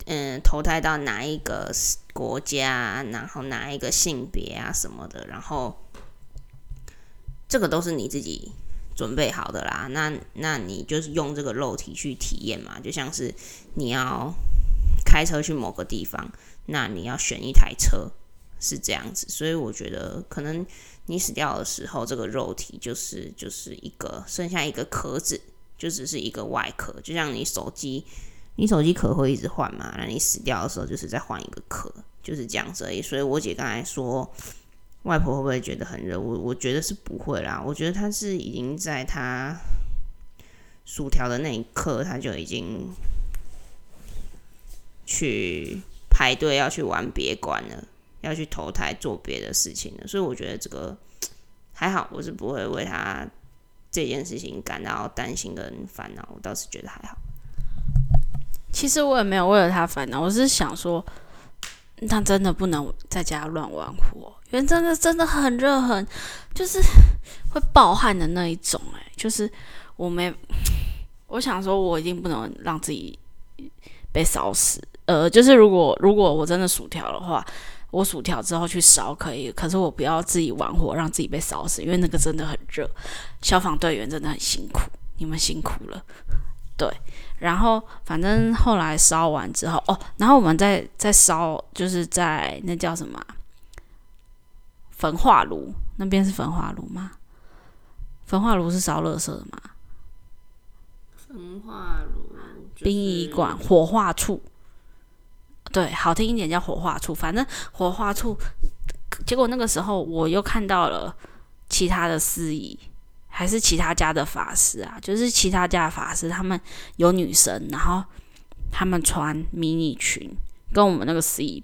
嗯投胎到哪一個國家，然後哪一個性別啊什麼的，然後這個都是你自己。準備好的啦，那那你就是用這個肉體去體驗嘛，就像是你要開車去某個地方，那你要選一台車是這樣子，所以我覺得可能你死掉的時候，這個肉體就是就是一個剩下一個殼子，就只是一個外殼，就像你手機，你手機殼會一直換嘛，那你死掉的時候就是再換一個殼，就是這樣子而已。所以，所以我姐剛才說。外婆會不會覺得很熱？我我覺得是不會啦。我覺得他是已經在他薯條的那一刻，他就已經去排隊要去玩別館了，要去投胎做別的事情了。所以我覺得這個還好，我是不會為他這件事情感到擔心跟煩惱。我倒是覺得還好。其實我也沒有為了他煩惱，我是想說，他真的不能在家亂玩火。人真的真的很熱，很，就是會爆汗的那一種、欸，哎，就是我沒，我想說，我一定不能讓自己被燒死，呃，就是如果如果我真的薯條的話，我薯條之後去燒可以，可是我不要自己玩火讓自己被燒死，因為那個真的很熱，消防隊員真的很辛苦，你們辛苦了，對，然後反正後來燒完之後，哦，然後我們再再燒，就是在那叫什麼？焚化爐那邊是焚化爐嗎？焚化爐是燒垃圾的嗎？焚化爐、就是、殯儀館、火化處，對，好聽一點叫火化處。反正火化處。結果那個時候我又看到了其他的司儀，還是其他家的法師啊，就是其他家的法師，他們有女生，然後他們穿迷你裙，跟我們那個司儀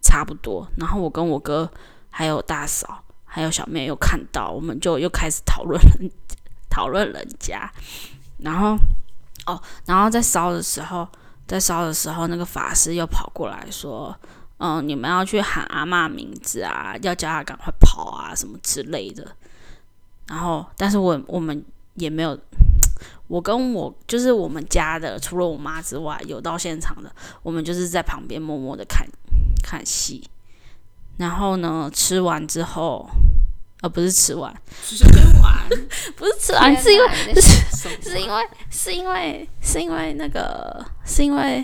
差不多。然後我跟我哥。還有大嫂，還有小妹，又看到我們就又開始討論，討論人家，然後哦，然後在燒的時候，在燒的時候，那個法師又跑過來說，嗯，你們要去喊阿嬤名字啊，要叫她趕快跑啊，什麼之類的。然後，但是我我們也沒有，我跟我就是我們家的，除了我媽之外，有到現場的，我們就是在旁邊默默的看，看戲。然後呢，吃完之後，呃、哦，不是吃完，不是吃完， 不是吃完，哪是因為是是，是因為是因為是因為那個是因為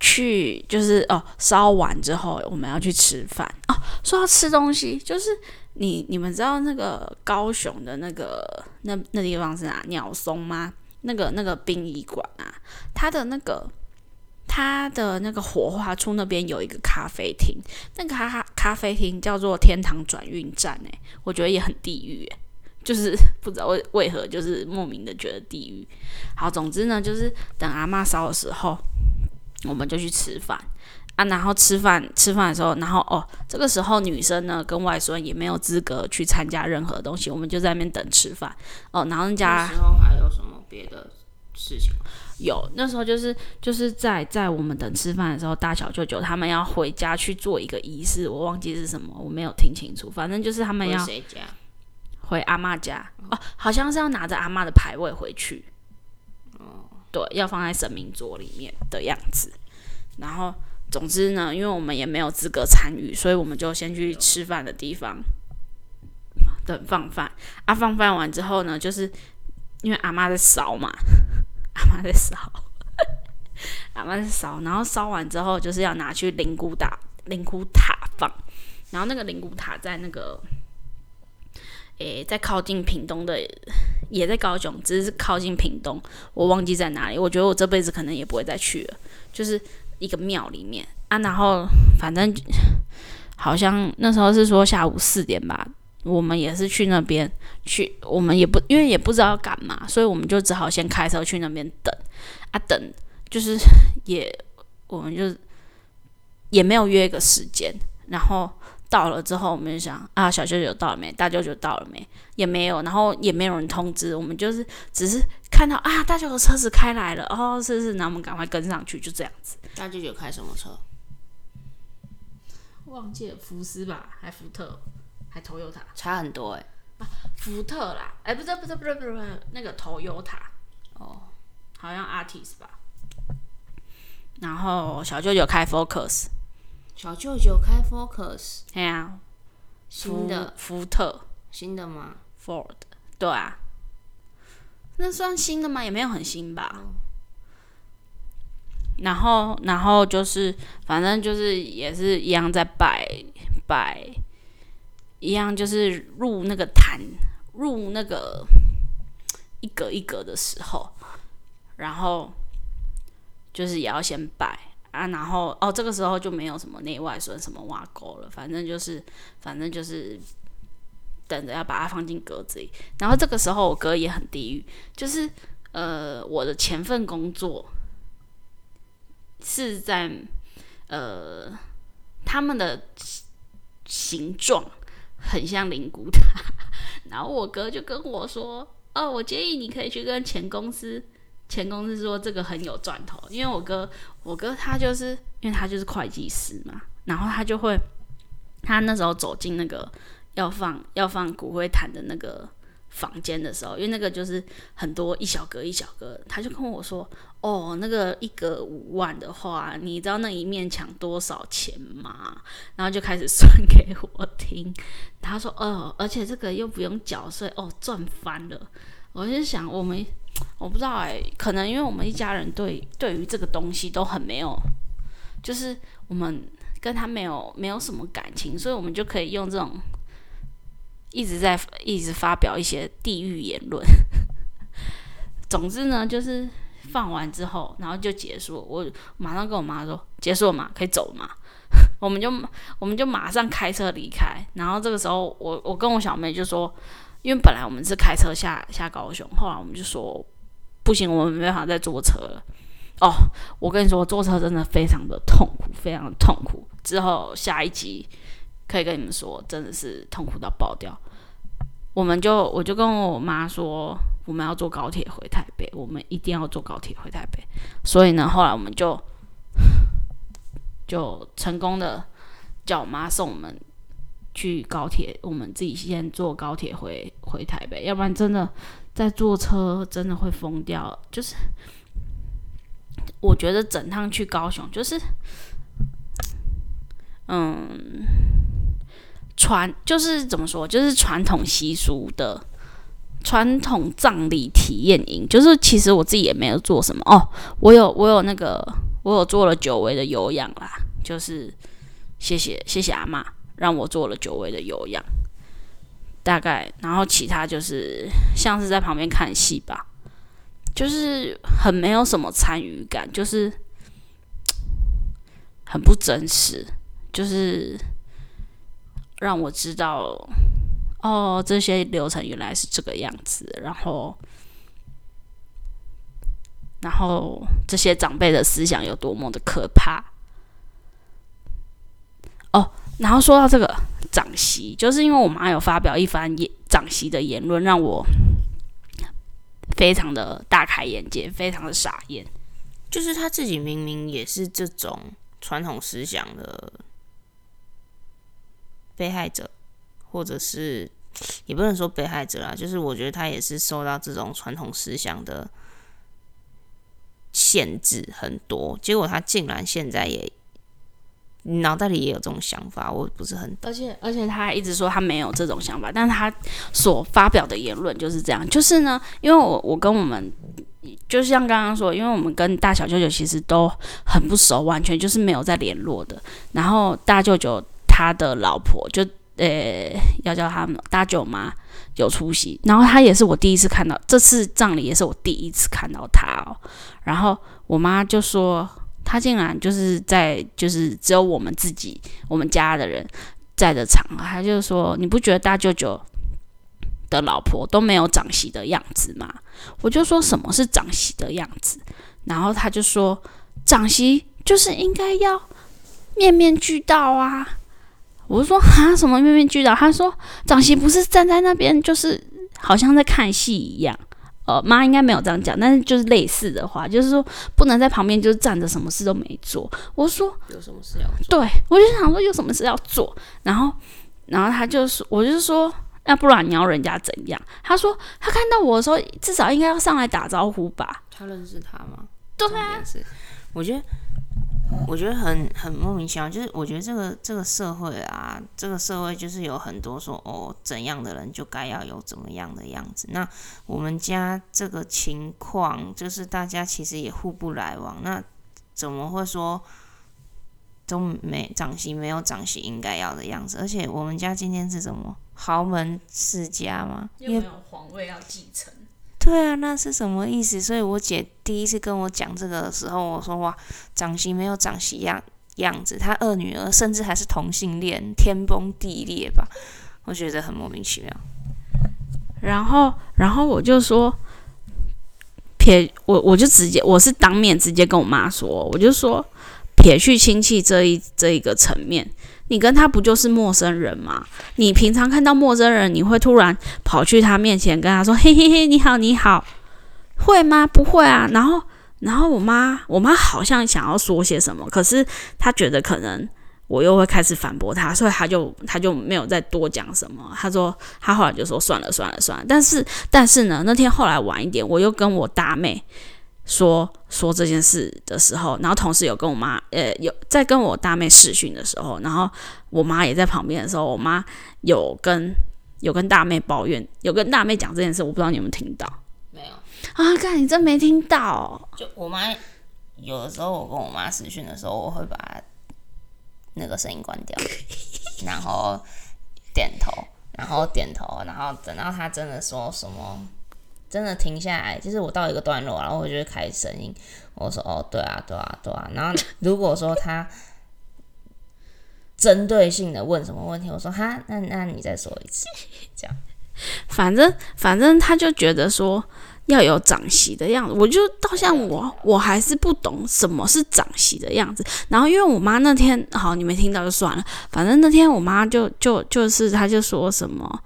去就是哦燒完之後我們要去吃飯哦。說到吃東西，就是你你們知道那個高雄的那個那那地方是哪？鳥松嗎？那個那個殯儀館啊，它的那個。他的那個火化處那邊有一個咖啡廳，那個咖啡廳叫做“天堂轉運站”誒，我覺得也很地獄誒，就是不知道為為何就是莫名的覺得地獄。好，總之呢，就是等阿嬤燒的時候，我們就去吃飯啊。然後吃飯吃飯的時候，然後哦，這個時候女生呢跟外孫也沒有資格去參加任何東西，我們就在那邊等吃飯哦。然後人家還有什麼別的事情？有那時候就是就是在在我們等吃飯的時候，大小舅舅他們要回家去做一個儀式，我忘記是什麼，我沒有聽清楚。反正就是他們要回阿媽家哦，好像是要拿着阿媽的牌位回去。對，要放在神明桌裡面的樣子。然後總之呢，因為我們也沒有資格參與，所以我們就先去吃飯的地方等放飯。阿、啊、放飯完之後呢，就是因為阿媽在燒嘛。阿媽在燒，阿媽在燒，然後燒完之後就是要拿去靈骨塔，靈骨塔放。然後那個靈骨塔在那個，誒、欸,在靠近屏東的，也在高雄，只是靠近屏東，我忘記在哪裡。我覺得我這輩子可能也不會再去了，就是一個廟裡面啊。然後反正好像那時候是說下午四點吧。我們也是去那邊去，我們也不因為也不知道要幹嘛，所以我們就只好先開車去那邊等啊等，就是也我們就也沒有約一個時間，然後到了之後，我們就想啊，小舅舅到了沒？大舅舅到了沒？也沒有，然後也沒有人通知我們，就是只是看到啊，大舅舅的車子開來了哦，是是，那我們趕快跟上去，就這樣子。大舅舅開什麼車？忘記了，福斯吧，還福特。還 Toyota 差很多哎、欸啊，福特啦，哎、欸，不是不是不是不是那個 Toyota 哦，好像 artist 吧， 然後小舅舅開 Focus，小舅舅開 Focus，哎呀、啊，新的福特新的嗎？Ford 對啊，那算新的嗎？也沒有很新吧。嗯、然後然後就是反正就是也是一樣在擺擺。一樣就是入那個壇，入那個一格一格的時候，然後就是也要先擺啊，然後哦，這個時候就沒有什麼內外孫什麼挖溝了，反正就是反正就是等着要把它放進格子裡。然後這個時候我哥也很地獄，就是呃，我的前份工作是在呃他們的形狀。很像靈骨塔，然後我哥就跟我說：“哦，我建議你可以去跟前公司。”前公司說這個很有賺頭，因為我哥，我哥他就是因為他就是會計師嘛，然後他就會，他那時候走進那個要放要放骨灰罈的那個房間的時候，因為那個就是很多一小格一小格，他就跟我說。哦，那個一格五萬的話，你知道那一面牆多少錢嗎？然後就開始算給我聽。他說：“哦，而且這個又不用繳稅，哦，賺翻了。”我就想，我們我不知道哎、欸，可能因為我們一家人對對於這個東西都很沒有，就是我們跟他沒有沒有什麼感情，所以我們就可以用這種一直在一直發表一些地獄言論。 總之呢，就是。放完之後，然後就結束了。我馬上跟我媽說：“結束嘛，可以走嘛。 ”我們就我們就馬上開車離開。然後這個時候，我我跟我小妹就說：“因為本來我們是開車下下高雄，後來我們就說不行，我們沒法再坐車了。”哦，我跟你說，坐車真的非常的痛苦，非常的痛苦。之後下一集可以跟你們說，真的是痛苦到爆掉。我們就我就跟我媽說。我們要坐高鐵回台北，我們一定要坐高鐵回台北。所以呢，後來我們就就成功的叫我媽送我們去高鐵，我們自己先坐高鐵回回台北。要不然真的再坐車真的會瘋掉。就是我覺得整趟去高雄，就是嗯傳就是怎麼說，就是傳統習俗的。傳統葬禮體驗營，就是其實我自己也沒有做什麼哦，我有我有那個我有做了久違的有氧啦，就是謝謝謝謝阿嬤讓我做了久違的有氧，大概然後其他就是像是在旁邊看戲吧，就是很沒有什麼參與感，就是很不真實，就是讓我知道。哦，這些流程原來是這個樣子，然後，然後這些長輩的思想有多麼的可怕？哦，然後說到這個長媳，就是因為我媽有發表一番長媳的言論，讓我非常的大開眼界，非常的傻眼。就是她自己明明也是這種傳統思想的被害者。或者是也不能說被害者啦，就是我覺得他也是受到這種傳統思想的限制很多，結果他竟然現在也腦袋裡也有這種想法，我不是很懂。而而且而且他還一直說他沒有這種想法，但他所發表的言論就是這樣。就是呢，因為我我跟我們就像剛剛說，因為我們跟大小舅舅其實都很不熟，完全就是沒有在聯絡的。然後大舅舅他的老婆就。呃、欸，要叫他們大舅媽有出息，然後他也是我第一次看到，這次葬禮也是我第一次看到他哦。然後我媽就說，他竟然就是在就是只有我們自己我們家的人在的場合，他就說，你不覺得大舅舅的老婆都沒有長媳的樣子嗎？我就說什麼是長媳的樣子？然後他就說，長媳就是應該要面面俱到啊。我說啊，什麼面面俱到？他說，長媳不是站在那邊，就是好像在看戲一樣。呃，媽應該沒有這樣講，但是就是類似的話，就是說不能在旁邊就是站着，什麼事都沒做。我說有什麼事要做？對我就想說有什麼事要做。然後，然後他就說，我就說，要、啊、不然你要人家怎樣？他說他看到我的時候，至少應該要上來打招呼吧？他認識他嗎？對啊，我覺得。我覺得很很莫名其妙，就是我覺得這個這個社會啊，這個社會就是有很多說哦怎樣的人就該要有怎麼樣的樣子。那我們家這個情況，就是大家其實也互不來往，那怎麼會說都沒長媳沒有長媳應該要的樣子？而且我們家今天是什麼豪門世家嗎？有沒有皇位要繼承？對啊，那是什麼意思？所以我姐第一次跟我講這個的時候，我說：“哇，長媳沒有長媳樣樣子，她二女兒甚至還是同性戀，天崩地裂吧？”我覺得很莫名其妙。然後，然後我就說，撇我，我就直接我是當面直接跟我媽說，我就說，撇去親戚這一這一個層面。你跟他不就是陌生人嗎？你平常看到陌生人，你會突然跑去他面前跟他說：“嘿嘿嘿，你好，你好。”會嗎？不會啊。然後，然後我媽，我媽好像想要說些什麼，可是她覺得可能我又會開始反駁她，所以她就她就沒有再多講什麼。她說，她後來就說：“算了，算了，算了。”但是，但是呢，那天後來晚一點，我又跟我大妹，說說這件事的時候，然後同時有跟我媽，呃、欸，有在跟我大妹視訊的時候，然後我媽也在旁邊的時候，我媽有跟有跟大妹抱怨，有跟大妹講這件事，我不知道你有沒有聽到？沒有。啊，幹，你真沒聽到？就我媽有的時候，我跟我媽視訊的時候，我會把那個聲音關掉， 然後點頭，然後點頭，然後等到她真的說什麼。真的停下來，就是我到一個段落，然後我就會開聲音，我說：“哦，對啊，對啊，對啊。”然後如果說他針對性的問什麼問題， 我說：“哈，那那你再說一次。”這樣，反正反正他就覺得說要有長媳的樣子，我就倒像我，我還是不懂什麼是長媳的樣子。然後因為我媽那天好，你沒聽到就算了，反正那天我媽就就就是她就說什麼。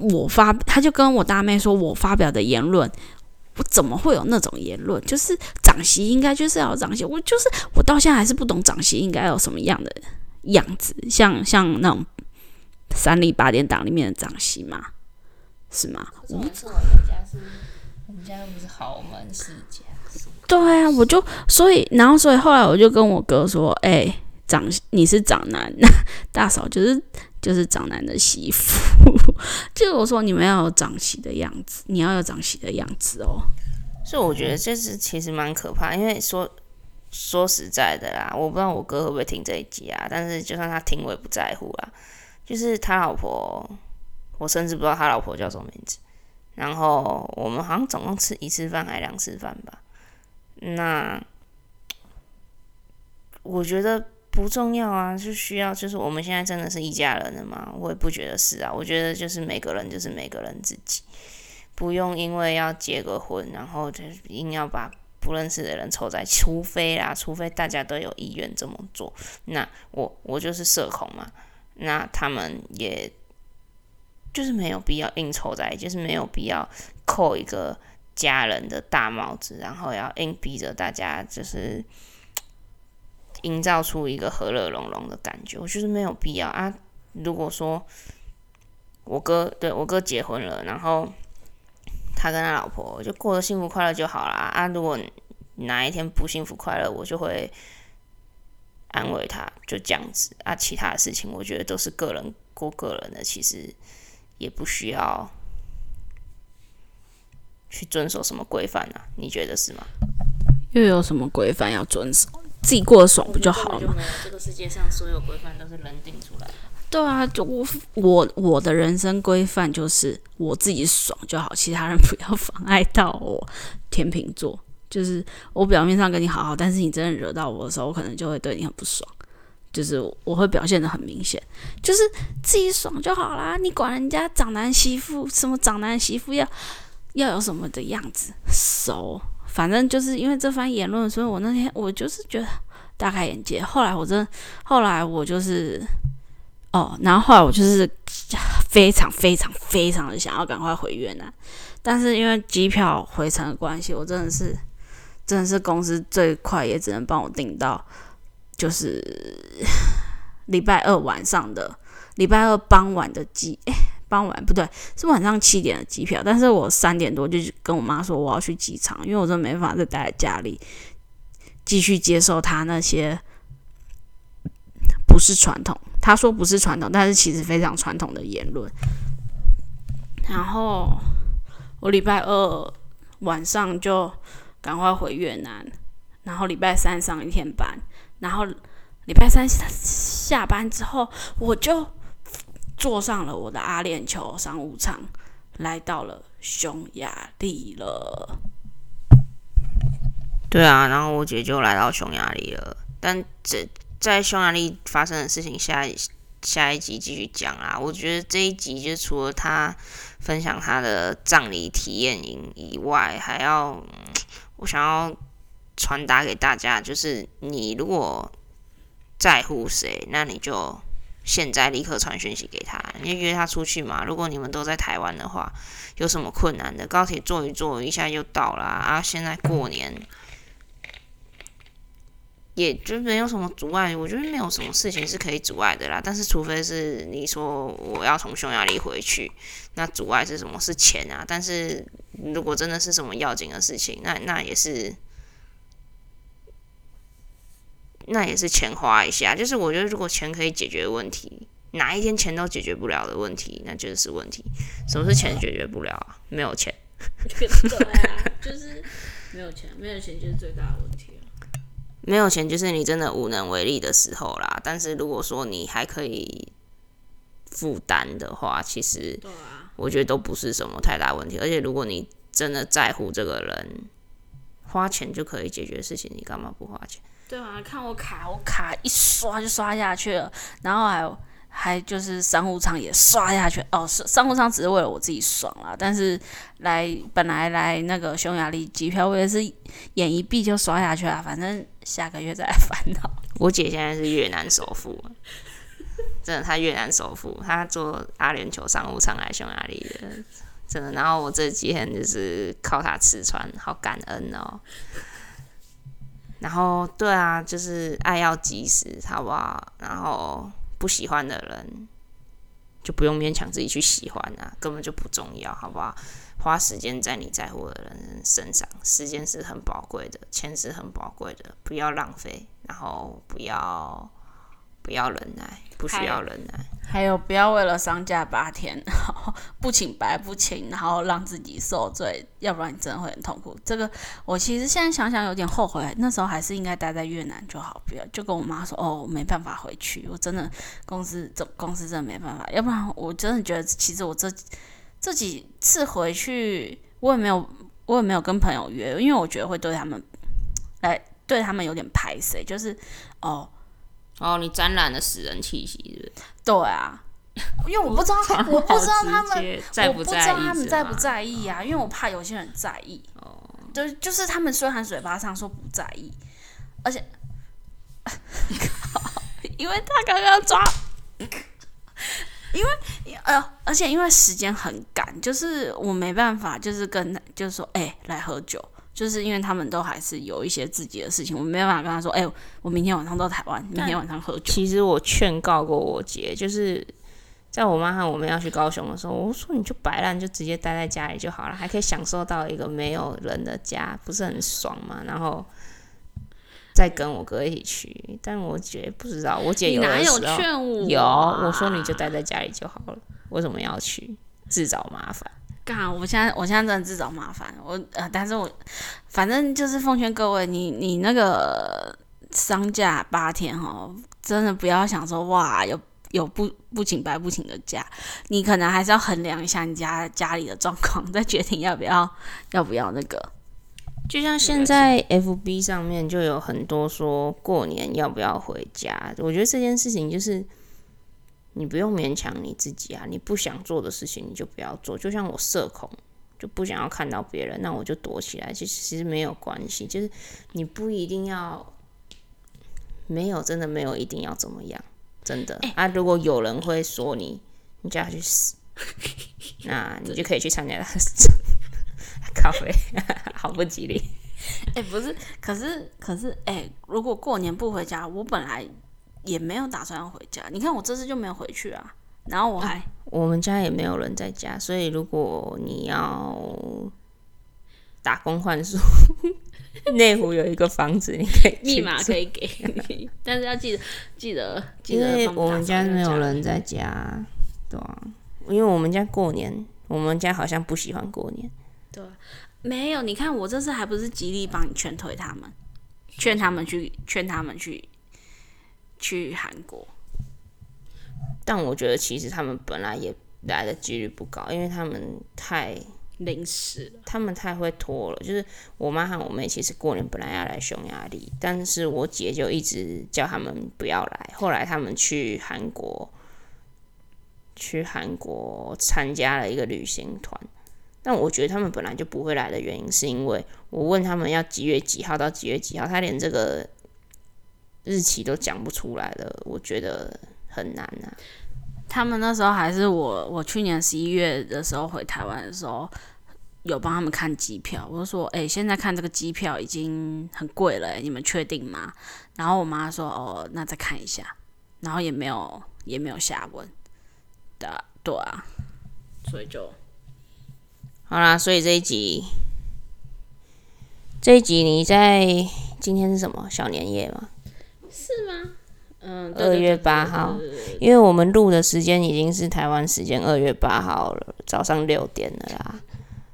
我發，他就跟我大妹說：“我發表的言論，我怎麼會有那種言論？就是長媳應該就是要長媳，我就是我到現在還是不懂長媳應該有什麼樣的樣子，像像那種三立八點檔裡面的長媳嘛，是嗎？是我們家是我們家又不是豪門世家，對啊，我就所以然後所以後來我就跟我哥說：哎、欸，長你是長男，大嫂就是就是長男的媳婦。”就我說，你們要有長媳的樣子，你要有長媳的樣子哦。所以我覺得，就是其實蠻可怕，因為說說實在的啦，我不知道我哥會不會聽這一集啊。但是就算他聽，我也不在乎啦。就是他老婆，我甚至不知道他老婆叫什麼名字。然後我們好像總共吃一次飯還是兩次飯吧？那我覺得。不重要啊，就需要，就是我們現在真的是一家人的嘛，我也不覺得是啊。我覺得就是每個人就是每個人自己，不用因為要結個婚，然後就硬要把不認識的人湊在一起，除非啊，除非大家都有意願這麼做。那我我就是社恐嘛，那他們也就是沒有必要硬湊在一起，就是沒有必要扣一個家人的大帽子，然後要硬逼着大家就是。營造出一個和樂融融的感覺，我就是沒有必要啊。如果說我哥對我哥結婚了，然後他跟他老婆就過得幸福快樂就好啦。啊。如果哪一天不幸福快樂，我就會安慰他，就這樣子啊。其他的事情，我覺得都是個人過個人的，其實也不需要去遵守什麼規範啊。你覺得是嗎？又有什麼規範要遵守？自己過得爽不就好了嗎？這個世界上所有規範都是人定出來的。對啊，就我我我的人生規範就是我自己爽就好，其他人不要妨礙到我。天秤座就是我表面上跟你好好，但是你真的惹到我的時候，我可能就會對你很不爽，就是我會表現得很明顯，就是自己爽就好啦，你管人家長男媳婦什麼長男媳婦要要有什麼的樣子，熟。反正就是因為這番言論，所以我那天我就是覺得大開眼界。後來我真，後來我就是，哦，然後後來我就是非常非常非常的想要趕快回越南，但是因為機票回程的關係，我真的是真的是公司最快也只能幫我訂到就是禮拜二晚上的，禮拜二傍晚的機。傍晚，不對，是晚上七點的機票。但是我三點多就跟我媽說我要去機場，因為我真的沒法再待在家裡，繼續接受他那些不是傳統。他說不是傳統，但是其實非常傳統的言論。然後我禮拜二晚上就趕快回越南，然後禮拜三上一天班，然後禮拜三下班之後我就。坐上了我的阿聯酋商務艙，來到了匈牙利了。對啊，然後我姐就來到匈牙利了。但這在匈牙利發生的事情，下一下一集繼續講啊。我覺得這一集就除了他分享他的葬禮體驗營以外，還要、嗯、我想要傳達給大家，就是你如果在乎誰，那你就。現在立刻傳訊息給他，你約他出去嘛。如果你們都在台灣的話，有什麼困難的？高鐵坐一坐，一下就到了啊。啊，現在過年，也就沒有什麼阻礙。我覺得沒有什麼事情是可以阻礙的啦。但是，除非是你說我要從匈牙利回去，那阻礙是什麼？是錢啊。但是如果真的是什麼要緊的事情，那那也是。那也是錢花一下，就是我覺得如果錢可以解決問題，哪一天錢都解決不了的問題，那就是問題。什麼是錢是解決不了啊？沒有錢，對啊， 就是沒有錢，沒有錢就是最大的問題了。沒有錢就是你真的無能為力的時候啦。但是如果說你還可以負擔的話，其實我覺得都不是什麼太大問題。而且如果你真的在乎這個人，花錢就可以解決事情，你幹嘛不花錢？對啊，看我卡，我卡一刷就刷下去了，然後還還就是商務艙也刷下去哦。商務艙只是為了我自己爽啦，但是來本來來那個匈牙利機票，我也是眼一閉就刷下去了。反正下個月再來煩惱。我姐現在是越南首富， 真的，她越南首富，她坐阿聯酋商務艙來匈牙利的，真的。然後我這幾天就是靠她吃穿，好感恩哦。然後，對啊，就是愛要及時，好不好？然後不喜歡的人，就不用勉強自己去喜歡啊，根本就不重要，好不好？花時間在你在乎的人身上，時間是很寶貴的，錢是很寶貴的，不要浪費，然後不要。不要忍耐，不需要忍耐。還有，不要為了喪假八天，然後不請白不請，然後讓自己受罪，要不然你真的會很痛苦。這個我其實現在想想有點後悔，那時候還是應該待在越南就好，不要，就跟我媽說哦，我沒辦法回去，我真的公司這公司真的沒辦法。要不然我真的覺得，其實我這這幾次回去，我也沒有我也沒有跟朋友約，因為我覺得會對他們來對他們有點排斥，就是哦。哦，你沾染了死人氣息，是是對，啊，因為我不知道，我，我不知道他們，在不在意，我不知道他們在不在意啊，哦、因為我怕有些人在意，哦，就就是他們雖然嘴巴上說不在意，而且， 因為他剛剛抓，因為呃，而且因為時間很趕，就是我沒辦法，就是跟就是說，哎、欸，來喝酒。就是因為他們都還是有一些自己的事情，我沒有辦法跟他說。哎、欸，我明天晚上到台灣，明天晚上喝酒。其實我勸告過我姐，就是在我媽喊我們要去高雄的時候，我說你就擺爛，你就直接待在家裡就好了，還可以享受到一個沒有人的家，不是很爽嗎？然後再跟我哥一起去。但我姐不知道，我姐有勸時候哪有勸我，啊，我說你就待在家裡就好了，為什麼要去自找麻煩？幹！我現在我現在真的自找麻煩。我呃，但是我反正就是奉勸各位，你你那個喪假八天哦，真的不要想說哇有有不不請白不請的假，你可能還是要衡量一下你家家裡的狀況，再決定要不要要不要那個。就像現在 FB 上面就有很多說過年要不要回家，我覺得這件事情就是。你不用勉強你自己啊，你不想做的事情你就不要做。就像我社恐，就不想要看到別人，那我就躲起來。其實其實沒有關係，就是你不一定要，沒有真的沒有一定要怎麼樣，真的。欸、啊，如果有人會說你，你就要去死，欸、那你就可以去參加咖啡， 咖啡笑好不吉利。哎，不是，可是可是哎、欸，如果過年不回家，我本來，也沒有打算要回家，你看我這次就沒有回去啊。然後我還，啊、我們家也沒有人在家，所以如果你要打工換宿，內 湖有一個房子，你可以 密碼可以給你，但是要記得記得記得。 因為我們家沒有人在家，對啊，因為我們家過年，我們家好像不喜歡過年，對，沒有。你看我這次還不是極力幫你勸退他們勸他們去，勸他們去。去韓國，但我覺得其實他們本來也來的幾率不高，因為他們太臨時，他們太會拖了。就是我媽和我妹其實過年本來要來匈牙利，但是我姐就一直叫他們不要來。後來他們去韓國，去韓國參加了一個旅行團。但我覺得他們本來就不會來的原因，是因為我問他們要幾月幾號到幾月幾號，他連這個。日期都講不出來了，我覺得很難啊。他們那時候還是我，我去年十一月的時候回台灣的時候，有幫他們看機票。我說：“誒、欸，現在看這個機票已經很貴了、欸，你們確定嗎？”然後我媽說：“哦，那再看一下。”然後也沒有，也沒有下文的，對啊，所以就好啦。所以這一集，這一集你在今天是什麼小年夜嗎？是嗎？嗯，二月八號，嗯、對對對，因為我們錄的時間已經是台灣時間二月八號了，早上六點了啦。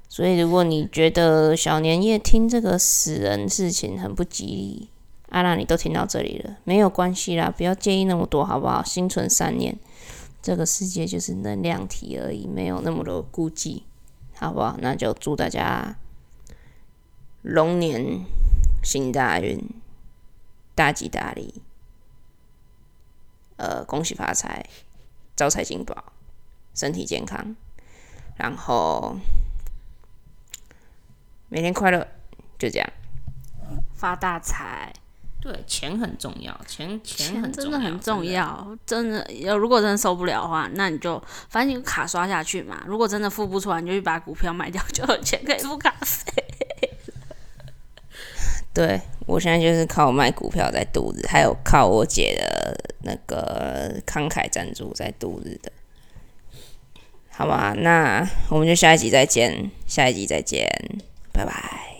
所以如果你覺得小年夜聽這個死人事情很不吉利，阿、啊、那你都聽到這裡了，沒有關係啦，不要介意那麼多，好不好？心存善念，這個世界就是能量體而已，沒有那麼多顧忌，好不好？那就祝大家龍年行大運，大吉大利。呃，恭喜發財，招財進寶，身體健康，然後每天快樂，就這樣。發大財，對錢很重要，錢錢真的很重要，真的要，如果真的受不了的話，那你就反正你卡刷下去嘛。如果真的付不出來，你就去把股票賣掉，就有錢可以付卡費。 對，我現在就是靠賣股票在度日，還有靠我姐的那個慷慨贊助在度日的。好吧，那我們就下一集再見，下一集再見，拜拜。